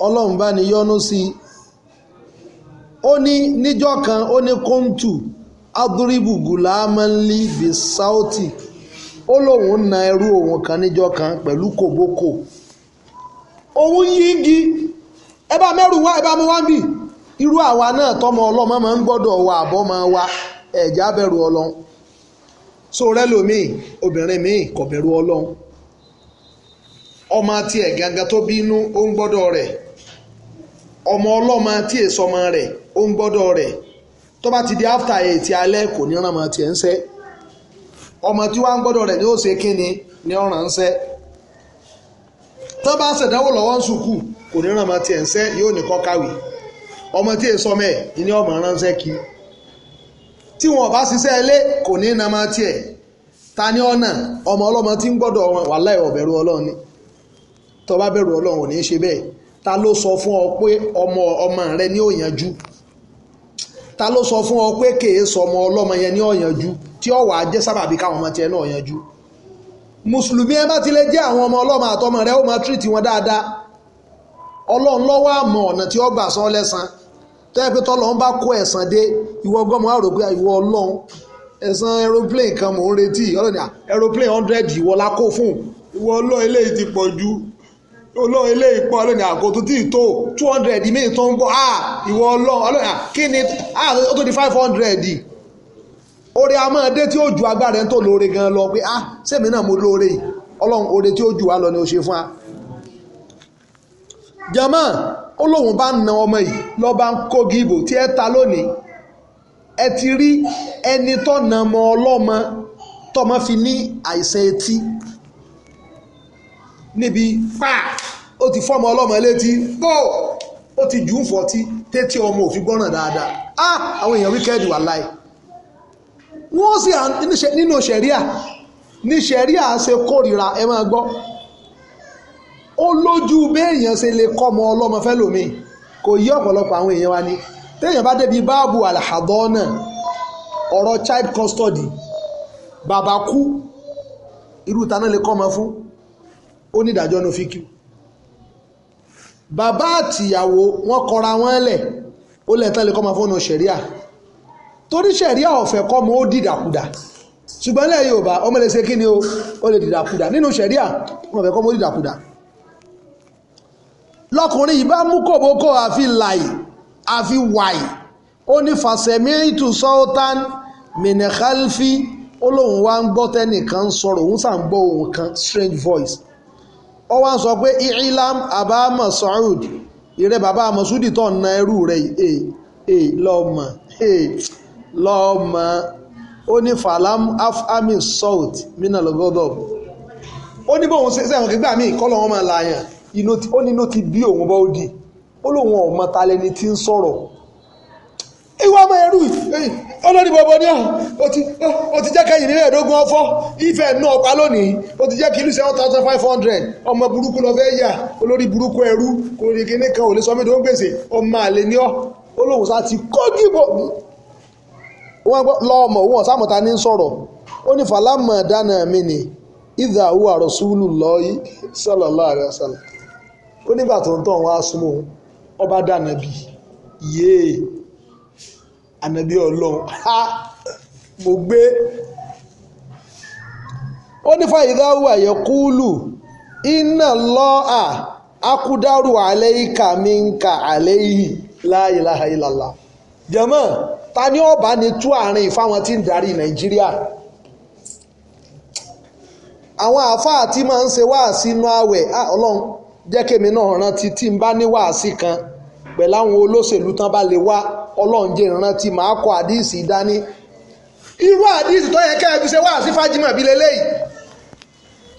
ọlọ́run ni yọ́nú sí i ó ní níjọ́ kan ó ní kóńtù adúríbù gùlámánlí bí sáótì ó lóun na ẹrú òun kan níjọ́ kan pẹ̀lú kòbókò òun yígi ẹ bá mẹ́rù wá ẹ bá mú wá bì irú àwa náà tọmọ ọlọ́mọ máa ń gbọ́dọ̀ wà máa ẹ̀já bẹ̀rù ọlọ́run so obìnrin kò bẹ̀rù ọlọ́run ọmọ tó bínú ó ń gbọ́dọ̀ ọmọ ọlọ́mọ tí èso ọmọ rẹ̀ ó ń gbọ́dọ̀ rẹ̀ tó bá ti di after alẹ́ kò ní ń sẹ́ ọmọ tí wàá ń gbọ́dọ̀ rẹ̀ ni ó ṣe kí ni ni ọ̀ràn ń sẹ́ tó bá lọ́wọ́ ń sùkú kò ní ń sẹ́ yóò ní ni ọmọ na máa tiẹ̀ ta ní ọ̀nà ọmọ ọlọ́mọ tí ń gbọ́dọ̀ wà láì ọ̀bẹ̀rù ọlọ́run ni tó bá bẹ̀rù ọlọ́run ò ní ṣe bẹ́ẹ̀ ta ló sọ fún ọ pé ọmọ ọmọ rẹ ní òyànjú ta ló sọ fún ọ pé kèé sọ ọmọ ọlọ́mọ yẹn ní òyànjú tí ó wàá jẹ́ sábàbí káwọn ọmọ tiẹ̀ náà yanjú mùsùlùmí ẹ bá ti lè jẹ́ àwọn ọmọ ọlọ́mọ àtọmọ rẹ ó máa tírìtì wọn dáadáa ọlọ́run lọ́wọ́ àmọ́ ọ̀nà tí ó gbà san lẹ́san tẹ́lẹ̀ pé tọ́lọ́run bá kó ẹ̀san dé ìwọ gọ́mọ àrò pé ìwọ ọlọ́run ẹ̀san aeroplane kan mò ń retí ọlọ́run aeroplane hundred ìwọ la kó fún ìwọ ọlọ́run eléyìí ti pọ̀ ju olóhùn eléyìí pọ̀ lónìí àgọ́ tó ti tó two hundred míì tó ń bọ̀ à ah, ìwọ ọlọ́run ah, kí ni ah, ó tó di five hundred dé tí ó ju agbára ẹ̀ tó lóore gan lọ pé ah sẹ́mi náà mo lóore ọlọ́run tí ó ju lọ ni ó ṣe fún wa. jama ó lóun bá na ọmọ yìí bá ń ẹni tó na ọmọ tọmọ fi ní àìsàn etí níbi ó ti fọ́mọ ọlọ́mọ létí bó ó ti jù ú fọ́tí tẹ́tí ọmọ òfin gbọ́ràn dáadáa á àwọn èèyàn wíkẹ́ẹ̀dì wà láì wọ́n sì nínú sẹ̀ríà ní sẹ̀ríà ṣe kórìíra ẹ máa gbọ́ ó lójú béèyàn ṣe lè kọ́mọ ọlọ́mọ fẹ́ lómi kò yí ọ̀pọ̀lọpọ̀ àwọn èèyàn wa ni téèyàn bá débi báàbù àlàhàdọ́ náà ọ̀rọ̀ child custody bàbá kú irú ta náà lè kọ́mọ fún onídàájọ́ no fi kí o bàbá àtìyàwó wọ́n kọra wọn lẹ̀ ó lẹ̀ tán lè kọ́ máa fóònù ṣẹ̀ríà torí ṣẹ̀ríà ọ̀fẹ́ kọ́ mọ́ ó dìdàkudà ṣùgbọ́n ilẹ̀ Yorùbá ọmọ lè ṣe kí ni o ó lè dìdàkudà nínú ṣẹ̀ríà wọn fẹ́ kọ́ mọ́ ó dìdàkudà lọkùnrin yìí bá mú kòbókò àfi làyè àfi wàyè ó ní fàṣẹmíìtù sultan mìnìkálfì ó lóun wá ń gbọ́ tẹ́nìkan sọ̀rọ̀ òun sà gbọ́ òun kan strange voice ọ wá ń sọ pé ilam abama saud ìrẹ bàbá masudi tó na ẹrú rẹ ee eh, ee eh, lọ́mọ ee eh, lọ́mọ ó ní falam afami salt mina lọ́gọ́dọ̀ ó ní bóun ṣe sẹ́wọ̀n kígbà míì kọ́ lọ́wọ́ máa láàyàn ó ní ló ti bí òun bá ó di ó lóun ọ̀mọ lẹni tí ń sọ̀rọ̀ ìwà ọmọ ẹrú yìí olórí bọ̀bọ̀ ní ó ti jẹ́ kẹ́yìn nílẹ̀ ẹ̀ẹ́dógún ọfọ́ ìfẹ́ náà ọ̀pá lónìí ó ti jẹ́ kí ìlú thousand five hundred ọmọ burúkú lọ fẹ́ yà olórí burúkú ẹrú kò rí kíní kan ò lè sọ mí tó ń gbèsè ọmọ àlè ní ọ olóhùn sá ti kọ́jú ìbò wọn lọ́ọ̀mọ̀ wọn sàmùtà ní sọ̀rọ̀ ó ní fàlámà dáná mi ni ìdá àwọn àròsúlù lọ́ọ́yì sọ̀lọ́lá àrẹ sọ̀lọ́ ó nígbà tó anabi ọlọ ha mo gbé ó ní fàyídáwò àyẹ̀kúlù iná lọ́à akúdárù àlẹ́yìíkà mi ń ka àlẹ́yìí la ilaha illallah jẹ́mọ́ ta ni ọba ni tú àárín fáwọn tí ń darí nàìjíríà àwọn àáfàá tí máa ń ṣe wáàsí inú àwẹ̀ ah, ọlọ́run jẹ́ kémi náà rántí tí ń bá ní wáàsí kan pẹ̀láwọn olóṣèlú tán bá lè wá ọlọ́run jẹ́ ìrántí màá kọ àdíìsì dání irú àdíìsì tó yẹ kẹ́ ẹ fi ṣe wá sí fájímọ̀ bí leléyìí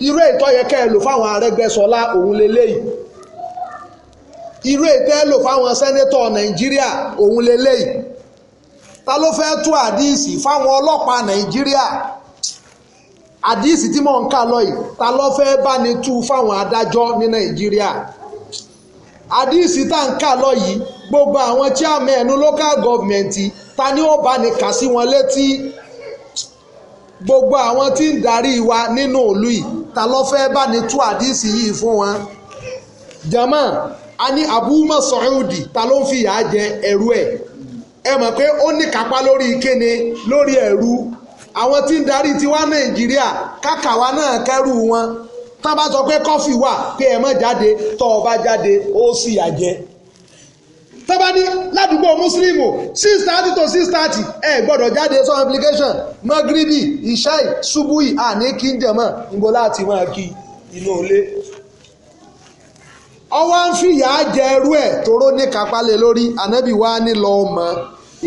irú ètò yẹ kẹ́ ẹ lò fáwọn Arẹ́gbẹ́ṣọlá òun leléyìí irú ètò ẹ lò fáwọn sẹ́nétọ̀ Nàìjíríà òun leléyìí ta ló fẹ́ tú àdíìsì fáwọn ọlọ́pàá Nàìjíríà àdíìsì tí mò ń kà lọ ta ló fẹ́ bá ni tú fáwọn adájọ́ ní Nàìjíríà àdíìsì tá ń kà lọ gbogbo àwọn chairman local government ta ni ó bá ní kà sí wọn létí gbogbo àwọn tí ń darí wa nínú ìlú yìí ta ló fẹ́ bá ní tú àdísì yìí fún wọn jama a ní Abu Mas'udi ta ló ń fìyà jẹ ẹrú ẹ ẹ mọ̀ pé ó ní kápá lórí kéne lórí ẹrú àwọn tí ń darí tiwa Nàìjíríà kákàwa náà kẹrù wọn tá a bá sọ pé kọfí wà pé ẹ má jáde tó o bá jáde ó sì yà jẹ tọ́ba ní ládùúgbò mùsùlùmù six thirty to six thirty ẹ gbọ́dọ̀ jáde sọ application magribi ishai subuhi àní kí n jẹ̀mọ́ níbo láti máa kí inú ilé. ọwọ́ ń fìyà jẹ ẹrú ẹ̀ tóró ní kápálẹ̀ lórí ànábì wa ní lọ́ọ́ mọ́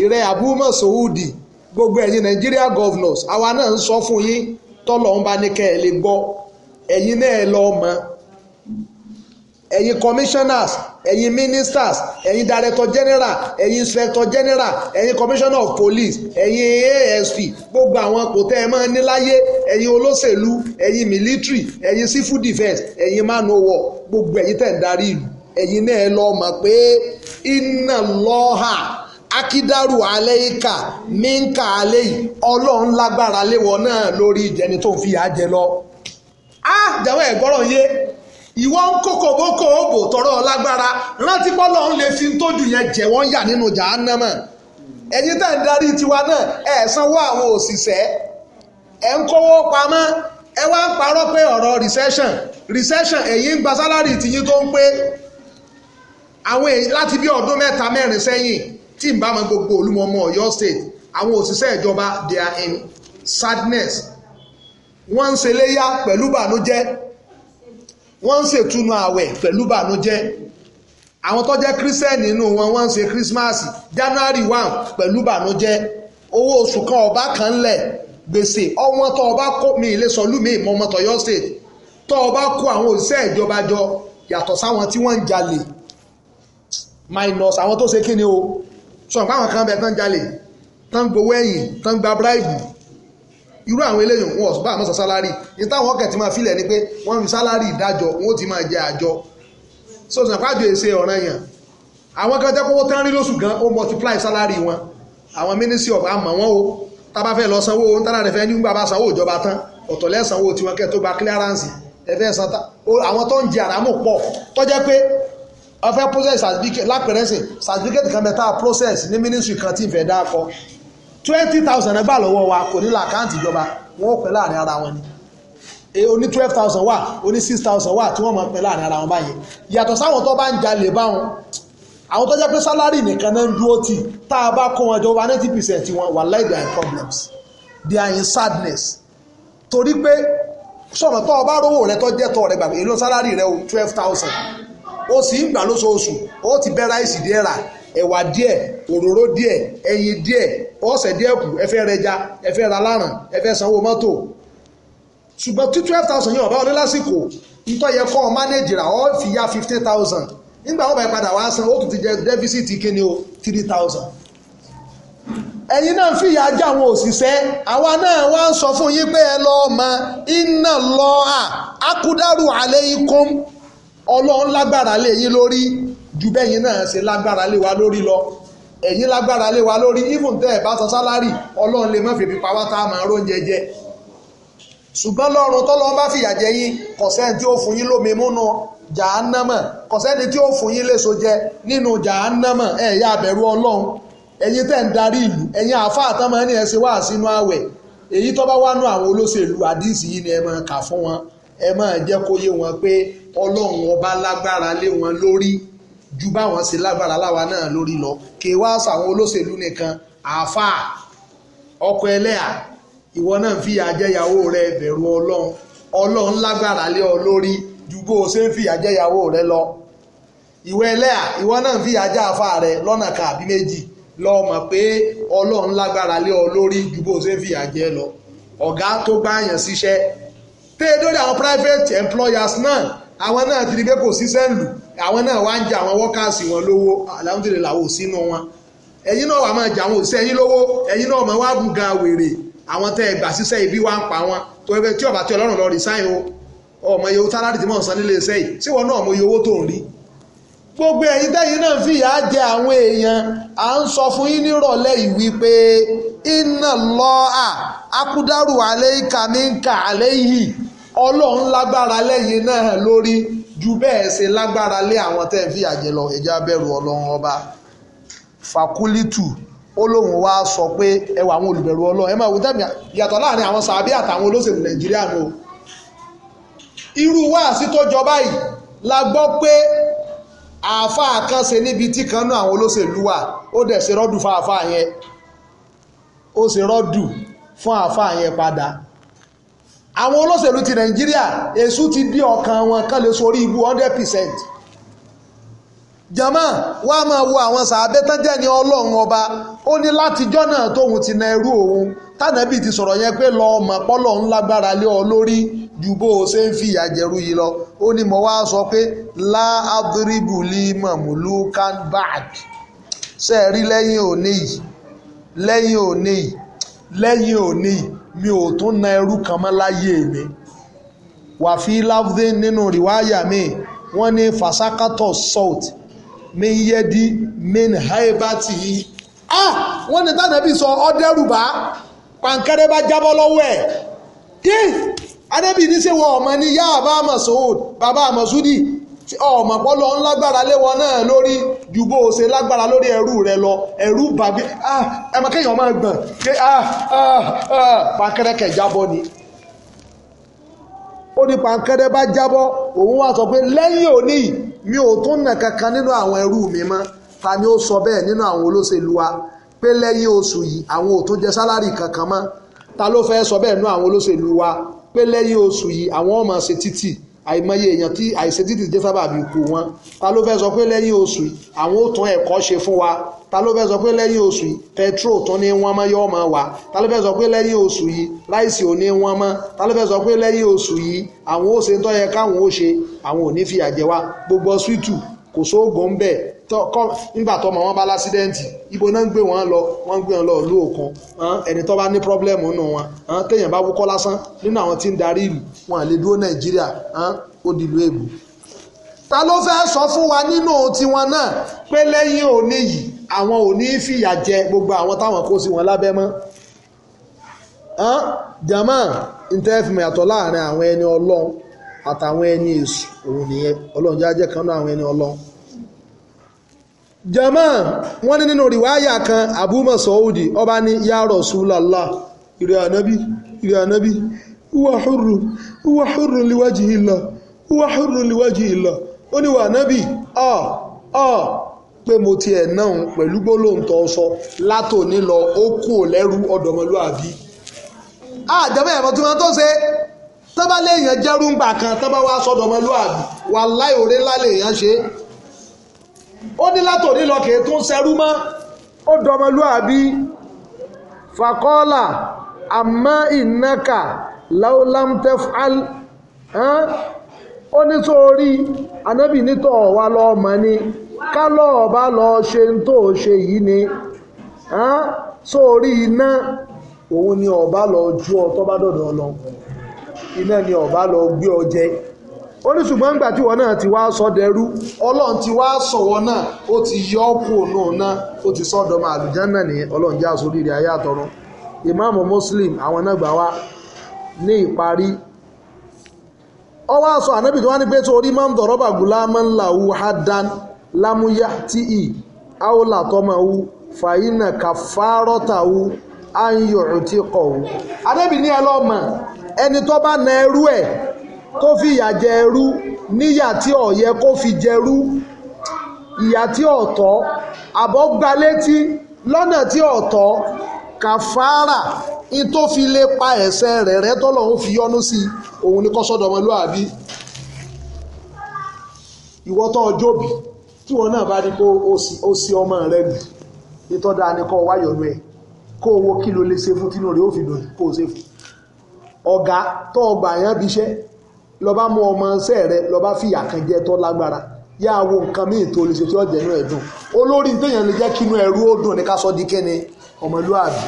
ìrẹ́ abúmọ̀ sòwúdì gbogbo ẹ̀yin Nigeria governors àwa náà ń sọ fún yín tọ́lọ̀ ń bá ní kẹ́ ẹ lè gbọ́ ẹ̀yin náà ẹ mọ́ ẹ̀yin commissioners ẹ̀yin ministers ẹ̀yin director general ẹ̀yin inspector general ẹ̀yin commissioner of police ẹ̀yin asp gbogbo àwọn ipò tẹ́ ẹ máa ní láyé ẹ̀yin olóṣèlú ẹ̀yin military ẹ̀yin civil defence ẹ̀yin man o war gbogbo ẹ̀yin tẹ́ ń darí ìlú ẹ̀yin náà lọ mọ̀ pé iná lọ́hà akidaru aleika minka aleyi ọlọ́run lágbára léwọ náà lórí ìjẹni tó ń fi ìyà jẹ lọ. ah jẹ́wọ́ ẹ̀ gbọ́rọ̀ yé ìwọ ń kókò bókò òbò tọrọ lágbára rántí pọlọ ń lè fi tójú yẹn jẹwọ ń yà nínú jahannama ẹ̀yin tẹ́ ń darí tiwa náà ẹ sanwó àwọn òṣìṣẹ́ ẹ ń kówó pamọ́ ẹ wá ń parọ́ pé ọ̀rọ̀ recession recession èyí ń gba sálárì tìyín tó ń pé àwọn èyí láti bí ọdún mẹ́ta mẹ́rin sẹ́yìn tí ń bá mọ gbogbo olúmọmọ Ọ̀yọ́ state àwọn òṣìṣẹ́ ìjọba they are in sadness wọ́n ń ṣe léyà pẹ̀lú bànújẹ́ wọ́n ń ṣètúnu àwẹ̀ pẹ̀lú bànújẹ́ àwọn tó jẹ́ kírísẹ́nì inú wọn wọ́n ń ṣe kírísímàsì january one pẹ̀lú bànújẹ́ owó oṣù kan ọba kan ń lẹ̀ gbèsè ọmọ tó ọba kó mi ilé sọlú mi ìmọ̀ ọmọ tọ̀yọ́ state tó ọba kó àwọn òṣìṣẹ́ ìjọba jọ yàtọ̀ sáwọn tí wọ́n ń jalè minus àwọn tó ṣe kíni o sọ̀rọ̀ pé àwọn kan bẹ̀ tán jalè tán gbowó ẹ̀yìn tán gba bribe irú àwọn eléyìí wọn ọ̀sùn bá àmọ́ sọ sálárì ní táwọn ọkẹ̀ tí máa filẹ̀ ni pé wọ́n fi sálárì dájọ́ wọn ti máa jẹ àjọ so sàn pàjọ èsè ọ̀ràn yàn àwọn kan jẹ́ kówó tán rí lóṣù gan ó multiply sálárì wọn àwọn ministry of àmọ́ wọn o tábà fẹ́ lọ sanwó ohun tára rẹ̀ fẹ́ nígbà bá sanwó ìjọba tán ọ̀tọ̀ lẹ́sanwó tiwọn kẹ́ tó gba clearance ẹ̀fẹ́ santa àwọn tó ń jẹ àràmù pọ̀ process certificate lápẹ̀rẹ́sìn certificate kan twenty thousand ẹgbàá lọ́wọ́ wa kò ní làkáǹtì ìjọba wọn ò pẹ́ láàrin ara wọn ni oní twelve thousand wà oní six thousand wà tí wọ́n máa pẹ́ láàrin ara wọn báyìí yàtọ̀ sáwọn tó bá ń jalè báwọn àwọn tó jẹ́ pé sálárì nìkan náà ń dúró tì tá a bá kó wọn jọ over ninety percent wọn wà láì they are problems they are in sadness torí pé sọ̀rọ̀ tó o bá rówó rẹ tó jẹ́ tọ́ rẹ gbàgbé èlò sálárì rẹ o twelve thousand o sì ń gbà lóṣooṣù o ti bẹ́ ráìsì dé rà ẹwà díẹ̀ òróró díẹ̀ ẹyin kù ẹ fẹ́ rẹja ẹ fẹ́ ẹ sanwó mọ́tò ṣùgbọ́n tí twelve thousand yẹn ọ̀bá ọdún lásìkò ntọ́ yẹ kọ́ ọ mánéjì ọ fi fifteen thousand nígbà san ó tún ti jẹ deficit o three thousand náà fi ya jẹ àwọn òṣìṣẹ́ àwa náà wá ń sọ fún yín pé ẹ lọ́ọ́ mọ iná lọ́ọ́ à ákúdárù lé lórí ju bẹ́yìn náà ṣe lágbára lé wa lórí lọ ẹ̀yin lágbára lé wa lórí even tẹ́ ẹ̀ bá san sálárì ọlọ́run lè má fèbí pa wá tá a máa róúnjẹ jẹ ṣùgbọ́n lọ́run tọ́lọ́run bá fìyà jẹ yín kọ̀sẹ́ni tí ó fún yín lómi múnú jàánámà kọ̀sẹ́ni tí ó fún yín léso jẹ nínú jàánámà ẹ̀ yá abẹ̀rù ọlọ́run ẹ̀yin tẹ́ ń darí ìlú ẹ̀yin àáfàá tán máa ní ẹ ṣe wá sínú àwẹ̀ èyí tó bá wá nú àwọn olóṣèlú àdìsí yìí ni ẹ máa kà fún wọn ẹ máa jẹ́ kó yé wọn pé ọlọ́run ọba lágbára lé wọn lórí ju báwọn ṣe lágbára láwa náà lórí lọ kí wá sàwọn olóṣèlú nìkan àáfàá ọkọ ẹlẹ́à ìwọ náà fìyà jẹ́yàwó rẹ bẹ̀rù ọlọ́run ọlọ́run lágbára lé ọ lórí ju bó o ṣe ń fìyà jẹ́yàwó rẹ lọ ìwọ ẹlẹ́à ìwọ náà fìyà jẹ́ àáfàá rẹ lọ́nà kan àbí méjì lọ mọ̀ pé ọlọ́run lágbára lé ọ lórí ju bó o ṣe ń fìyà jẹ́ lọ ọ̀gá tó gbáyàn síṣẹ́ tẹ́ ẹ dórí àwọn private employers náà àwọn náà ti rí pé kò síṣẹ́ ń lù àwọn náà wá ń jẹ àwọn wọ́kàsì wọn lówó alhamdulillah làwọn ò sínú wọn ẹ̀yin náà wà máa jẹ àwọn òṣìṣẹ́ yín lówó ẹ̀yin náà máa wá bùn gan wèrè àwọn tẹ́ ẹ gbà síṣẹ́ ibi wá ń pa wọn tó ẹgbẹ́ tí ọ̀bà tí ọlọ́run lọ rí sáyìn o ọmọ iye owó tálárì tí mò ń san nílé iṣẹ́ yìí sí wọn náà mọ iye owó tó ń rí. gbogbo ẹ̀yin tẹ́yin náà fi ìyà jẹ àwọn èèyàn à ń sọ fún yín nírọ̀lẹ́ yìí wípé iná lọ à akúdárù alẹ́ ìkàmínkà alẹ́ yìí ọlọ́run lágbára lẹ́yìn náà lórí ju bẹ́ẹ̀ ṣe lágbára lé àwọn tẹ́ ẹ̀ fi àjẹ lọ ẹ̀jẹ̀ abẹ́rù ọlọ́run ọba fàkúlítù ó lóun wá sọ pé ẹ wà àwọn olùbẹ̀rù ọlọ́run ẹ máa wò tẹ́mi yàtọ̀ láàrin àwọn sàbí àtàwọn olóṣèlú nàìjíríà ni o irú wáàsí tó jọ báyìí la gbọ́ pé àáfàá kan ṣe níbi tí kan náà àwọn olóṣèlú wà ó dẹ̀ ṣe rọ́dù fún àáfàá yẹn ó ṣe rọ́dù fún àáfàá yẹn padà àwọn olóṣèlú ti nàìjíríà èṣù ti dí ọkàn wọn kán lè sórí ibu hundred percent jama wa máa wo àwọn sàábẹ́ tán jẹ́ ní ọlọ́run ọba ó ní látijọ́ náà tóun ti na ẹrú òun tànàbí ti sọ̀rọ̀ yẹn pé lọ ọmọ pọ́lọ̀ ń lágbára lé ọ lórí ju bó o ṣe ń fi ìyà yìí lọ ó ní mo wá sọ pé la adribu li mamlukan bad ṣe rí lẹ́yìn òní yìí lẹ́yìn òní lẹ́yìn òní mi ò tún na ẹrú kan mọ́ láyé mi wàfi láfdé nínú rìwáyà mi wọ́n ní fasakato salt mi yẹ di main haibati yìí ah wọ́n ní tànàbí sọ ọ̀dẹ́rùbá pàǹkẹ́rẹ́ bá jábọ́ lọ́wọ́ ẹ̀ dé adébíyí ní sẹ́wọ̀n ọ̀mọ yá àbá masoud bàbá masudi ọmọ pọ́lọ ń lágbára léwọn náà lórí ju bó o ṣe lágbára lórí ẹrú rẹ lọ ẹrú bàbí ah, ẹmọ kéèyàn máa gbọ̀n pé ah, ah, pankẹ́rẹ́kẹ̀ jábọ́ ni ó ní pankẹ́rẹ́ bá jábọ́ òun wá sọ pé lẹ́yìn òní mi ò tún nà kankan nínú àwọn ẹrú mi mọ́ ta ni ó sọ bẹ́ẹ̀ nínú àwọn olóṣèlú wa pé lẹ́yìn oṣù yìí àwọn ò tún jẹ sálárì kankan mọ́ ta ló fẹ́ sọ bẹ́ẹ̀ nínú àwọn olóṣèlú wa pé lẹ́yìn oṣù yìí àwọn ọmọ ṣe títì àìmọye èèyàn tí àìsètìtì jẹ́ sábà bí ikú wọn ta ló fẹ́ sọ pé lẹ́yìn oṣù àwọn ò tún ẹ̀kọ́ ṣe fún wa ta ló fẹ́ sọ pé lẹ́yìn oṣù yìí petrol tún ní wọ́n mọ́ yọ́ mọ́ wa ta ló fẹ́ sọ pé lẹ́yìn oṣù yìí láìsí ò ní wọ́n mọ́ ta ló fẹ́ sọ pé lẹ́yìn oṣù yìí àwọn ò ṣe ń tọ́ yẹ káwọn ò ṣe àwọn ò ní fìyà jẹ wa gbogbo switu kò sóògùn bẹ́ẹ̀ tọ́ nígbà tọ́ ọmọ wọn bá lásídẹ́ǹtì ibo náà ń gbé wọn lọ wọ́n ń gbé wọn lọ ìlú òkun ẹni tó bá ní pọ́blẹ́mù nù wọn téèyàn bá wúkọ́ lásán nínú àwọn tí ń darí ìlú wọn à lè dúró nàìjíríà ó di ìlú èbù. ta ló fẹ́ sọ fún wa nínú tiwọn náà pé lẹ́yìn òní yìí àwọn ò ní fìyà jẹ gbogbo àwọn táwọn kó sí wọn lábẹ́ mọ́ jama ntẹ́fìmọ̀ yàtọ̀ láàrin àwọn ẹni ọlọ́run àtàwọn ẹni èṣù òun nìyẹn ọlọ́run jẹ́ ajẹ́ àwọn ẹni ọlọ́run jama wọ́n ní nínú rìwáyà kan Abu Mas'udi ọba ní ya Rasulallah ìrẹ̀ ànábì ìrẹ̀ ànábì huwa hurru huwa hurru liwaji illah huwa hurru liwaji illah ó ní wà nábì ọ̀ ọ̀ pé mo ti ẹ̀ náà pẹ̀lú gbólóǹtọ́ sọ látòní lọ ó kú lẹ́rú ọ̀dọ̀mọlúàbí àjẹ́bẹ̀ ẹ̀mọ́ tí wọ́n tó ṣe tọ́bá léèyàn jẹ́rú ń gbà kan tọ́bá wá sọ́dọ̀mọlúàbí wà láì òré lálẹ́ èèyàn ó ní látòrí lọ kìí tún ṣerú mọ́ ó dọmọlúàbí fàkọ́ọ́là àmọ́ ìnáka láúlámtẹ́fàl ó ní tó rí anábì nítọ̀ wa lọ́ọ̀mọ ni ká lọ́ọ̀ bá lọ ṣe ń ṣe yìí ni sórí iná òun ni ọba lọ ju ọ lọ iná ni ọba lọ ó ní ṣùgbọ́n nígbà tí wọn náà ti wá sọ dẹrú ọlọ́run ti wá sọ wọn náà ó ti yọ ọ́ kú òun náà ó ti sọ ọ̀dọ́mọ àlùjánà nìyẹn ọlọ́run jẹ́ àṣọ oríire ayé àtọ̀run ìmáàmù Muslim àwọn náà gbà wá ní ìparí ọ wá sọ ànábì tó wá ní pé tó orí máa ń dọ̀rọ́ bàgùlá máa ń là wú hadan lámúyá tí ì áwòlà tọ́mọ wú fàyínà kàfárọ́tà wú áyùn tí kọ̀ wú ànábì ní ẹ lọ́mọ tó fi ìyà jẹ ẹrú níyà tí ó yẹ kó fi jẹrú ìyà tí ó tọ́ àbọ̀ gba létí lọ́nà tí ó tọ́ kàfàrà in tó fi lè pa ẹ̀ṣẹ̀ rẹ̀ rẹ́ tọ́lọ́hún fi yọ́nú sí òun ní kọ́sọ́dọ̀ ọmọlúwàbí ìwọ tó ọjọ́ òbí tí wọn náà bá rí pé ó sí ọmọ rẹ nù ìtọ́ da ni kọ́ wáyọ̀ nù ẹ̀ kó owó kí ló lè ṣe fún tínú rẹ̀ ó fi dùn kó o ṣe fún ọ̀gá tó ọgbà yẹn bí iṣẹ́ lọ́ba mú ọmọ ṣẹ́ rẹ lọ́ba fìyà kan jẹ tó lágbára yá wo nǹkan míì tó lè ṣe tí ọ̀jẹ̀ inú ẹ̀ dùn olórí téèyàn lè jẹ́ kí inú ẹrú ó dùn ní ká sọ di kíni ọmọlúàbí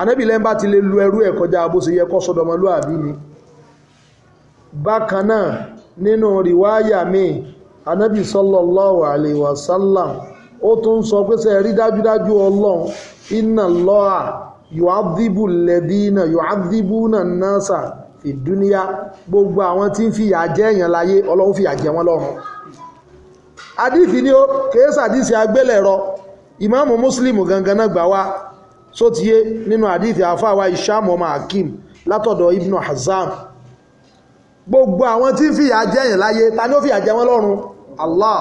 anábìlẹ̀ ń bá ti lè lu ẹrú ẹ̀ kọjá bó ṣe yẹ kó sọ́dọ̀ ọmọlúàbí ni bákan náà nínú rìwáyà míì anábì sallallahu alaihi wasallam ó tún sọ pé sẹ́ rí dájúdájú ọlọ́run inna Allaha yu'adhibu alladhina yu'adhibuna an-nasa ìdúníyà gbogbo àwọn tí ń fìyà jẹ èèyàn láyé ọlọ́run fìyà jẹ wọ́n lọ́run àdìsí ni ó kèésà àdìsí agbélẹ̀rọ ìmáàmù Muslim gangan náà gbà wá sótìyé nínú àdìsí àfáwà Isham ọmọ Hakim látọ̀dọ̀ Ibn Hazam gbogbo àwọn tí ń fìyà jẹ èèyàn láyé ta ni ó fìyà jẹ wọ́n lọ́run Allah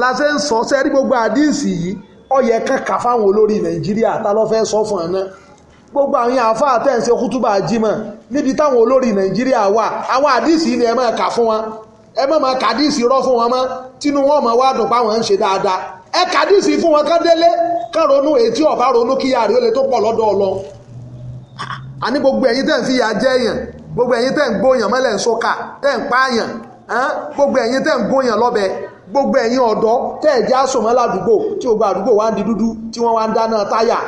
láṣẹ ń sọ sẹ́rí gbogbo àdìsí yìí ó yẹ kankan fáwọn olórí Nàìjíríà ta ló fẹ́ sọ fún ẹ̀ náà gbogbo àwọn àáfàá àtẹ̀sẹ̀ kútúbà jímọ̀ níbi táwọn olórí nàìjíríà wà àwọn àdìsí ni ẹ máa kà fún wọn ẹ má máa kàdíìsì rọ́ fún wọn mọ́ tínú wọn máa wá dùn páwọn ń ṣe dáadáa ẹ kàdíìsì fún wọn kán délé kán ronú ètí ọ̀bá ronú kíyà rí ó lè tó pọ̀ lọ́dọ̀ ọlọ àní gbogbo ẹ̀yin tẹ̀ ń fi ìyà jẹ èèyàn gbogbo ẹ̀yin tẹ̀ ń gbóyàn mọ́lẹ̀ ń sọ́kà tẹ̀ ń pààyàn gbogbo ẹ̀yin tẹ̀ ń gbóyàn lọ́bẹ gbogbo ẹ̀yin ọ̀dọ́ tẹ̀ jẹ́ àsomọ́ ládùúgbò tí gbogbo àdúgbò wá ń di dúdú tí wọ́n wá ń dáná táyà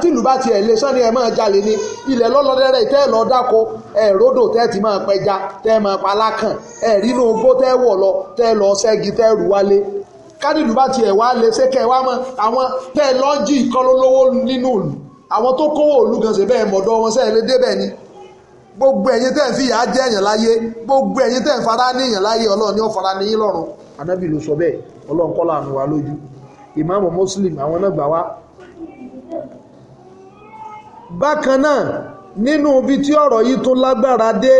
tìlú bá tiẹ̀ lé sọ́ni ẹ̀ máa jalè ni ilẹ̀ lọ́lọ́dẹ́rẹ́ tẹ́ ẹ̀ lọ́ọ́ dáko ẹ̀ ródò tẹ́ ti máa pẹja tẹ́ ẹ̀ máa palákàn ẹ̀ rínú ogbó tẹ́ ẹ̀ wọ̀ lọ tẹ́ ẹ̀ lọ́ọ́ ṣẹ́gi tẹ́ ẹ̀ rù wálé kádìlú bá tiẹ̀ wá lé ṣé kẹ́ ẹ̀ wá mọ́ àwọn tẹ́ ẹ̀ lọ́jì ìkọlólówó nínú ìlú àwọn tó kówó òlu gan ṣe bẹ́ẹ̀ mọ̀dọ́ wọn sẹ́yìn lé débẹ̀ ni gbogbo ẹ̀yin tẹ́ ń fi ìyà jẹ́ èèyàn láyé gbogbo ẹ̀yin tẹ́ ń fara ní èèyàn láyé ọlọ́run ni ó fara ní yín lọ́rùn anábì ló sọ bẹ́ẹ̀ ọlọ́run kọ́lá àánú wa lójú ìmáàmù Muslim àwọn náà gbà wá bákan náà nínú ibi tí ọ̀rọ̀ yìí tún lágbára dé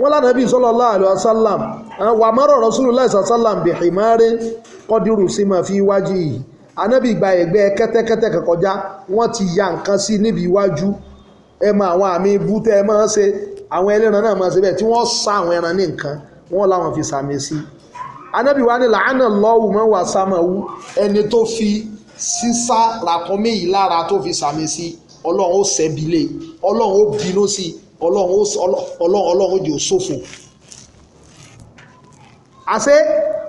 wọ́n lánàbí sallallahu alaihi wasallam wà mọ́rọ̀ Rasulullah sallam bi himarin kọ́dírù sí ma fi wájú yìí anábì gba ẹ̀gbẹ́ kẹ́tẹ́kẹ́tẹ́ kan kọjá wọ́n ti ya nǹkan sí níbi iwájú ẹ mọ àwọn àmì ibú tẹ́ ẹ máa ń ṣe àwọn ẹlẹ́ran náà máa ṣe bẹ́ẹ̀ tí wọ́n sá àwọn ẹran ní nǹkan wọ́n láwọn fi sàmì sí anábì wa ní làánà lọ́wù mọ́ wà sámọ̀wú ẹni tó fi sísá ràkúnmí yìí lára tó fi sàmì sí i ọlọ́run ó sẹ́bi lé ọlọ́run ó bínú sí ọlọ́run ọlọ́run ó jò sófò àṣé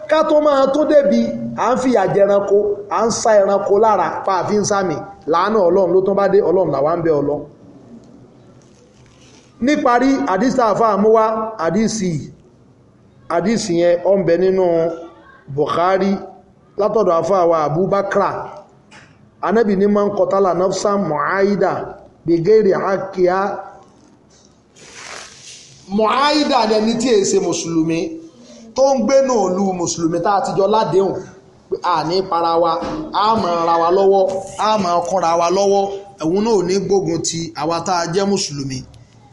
ká tó máa tó débi à ń fìyà jẹ ẹranko à ń sa ẹranko lára pa àfi ń sàmì láàánú ọlọ́run ló tán bá dé ọlọ́run làwa ń bẹ ọlọ́run níparí àdísà àfáàmúwá àdísì àdísì yẹn ó ń bẹ nínú Bukhari látọ̀dọ̀ àfáàwà Abubakra anábì ní máa ń kọtálà nafsa mọ̀áìdà gbẹ̀gẹ́rì àkíyá muaida ni ẹni tí èsè mùsùlùmí tó ń gbé náà lu mùsùlùmí tá a ti jọ ládéhùn a ní para wa a máa ra wa lọ́wọ́ a máa kọ́ra wa lọ́wọ́ ẹ̀hún náà ò ní gbógun ti àwa tá a jẹ́ mùsùlùmí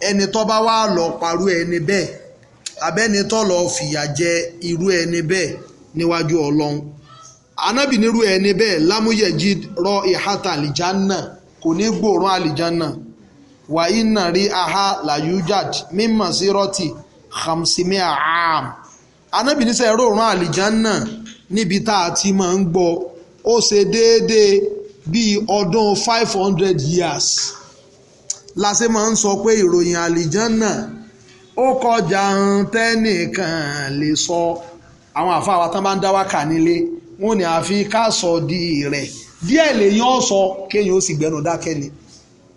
ẹni tó bá wá lọ parú ẹni bẹ́ẹ̀ abẹ́ni tó lọ fìyà jẹ irú ẹni bẹ́ẹ̀ níwájú ọlọ́run anábì nírú ẹni bẹ́ẹ̀ lámúyẹ̀jì rọ ìhàtà àlìjánà kò ní gbòòrùn àlìjánà wàyí nà rí aha layujad mímọ̀ sí rọ́tì hamsimia am anábì níṣẹ́ rọrùn àlìjánà níbi tá a ti máa ń gbọ́ ó ṣe déédéé bíi ọdún five hundred years la ṣe máa ń sọ pé ìròyìn àlìjánà ó kọjá ń tẹ́nìkan lè sọ àwọn àfa àwa tán bá ń dá wákà nílé. So wọn ni àfi ká sọ di rẹ̀ díẹ̀ lèyìn ọ̀sọ̀ kéyìn ó sì gbẹnu dákẹ́ ni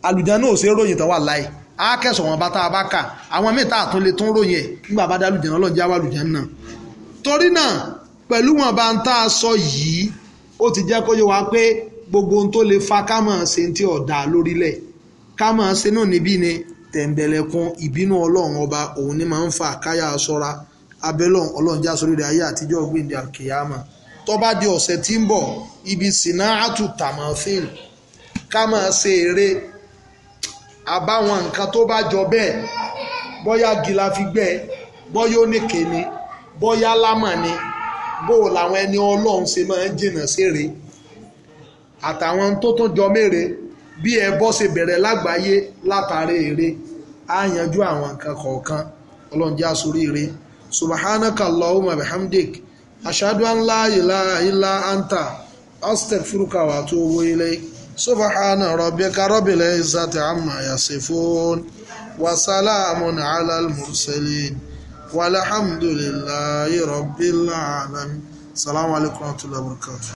àlùjá náà ò ṣe ròyìn tán wà láì á kẹsàn wọn bá tá a bá kà àwọn mẹ́ta àtún lè tún ròyìn ẹ̀ nígbà bá dálùjá náà lọ́jà wà lùjá náà torí náà pẹ̀lú wọn bá ń tá a sọ yìí ó ti jẹ́ kó yé wa pé gbogbo ohun tó lè fa ká máa ṣe ti ọ̀dà lórílẹ̀ ká máa ṣe náà níbí ni tẹ̀m̀bẹ̀lẹ̀kun ìbínú ọlọ́run ọba òun ni máa ń fa káyà sọ́ra abẹ́lọ́run ọlọ́run já sórí rẹ̀ ayé àtijọ́ gbìndé àkèyàmọ́ tó bá di ọ̀sẹ̀ tí ń bọ̀ ibi sinaatu tamafil ká máa ṣe eré àbáwọn nǹkan tó bá jọ bẹ́ẹ̀ bóyá gila fi gbẹ́ bóyá oníke ni bóyá lámà ni bó làwọn ẹni ọlọ́run ṣe máa ń jìnnà sére àtàwọn tó tún jọ mére bí ẹbọ ṣe bẹ̀rẹ̀ lágbàáyé látàrí eré á yanjú àwọn nǹkan kọ̀ọ̀kan ọlọ́run jẹ́ àsorí eré subhanaka allahumma bihamdik. ashhadu an la ilaha illa anta astaghfiruka wa atubu ilayk subhana rabbika rabbil izzati amma yasifun wa salamun ala al-mursalin walhamdulillahi rabbil alamin salamu alaykum wa rahmatullahi wa barakatuh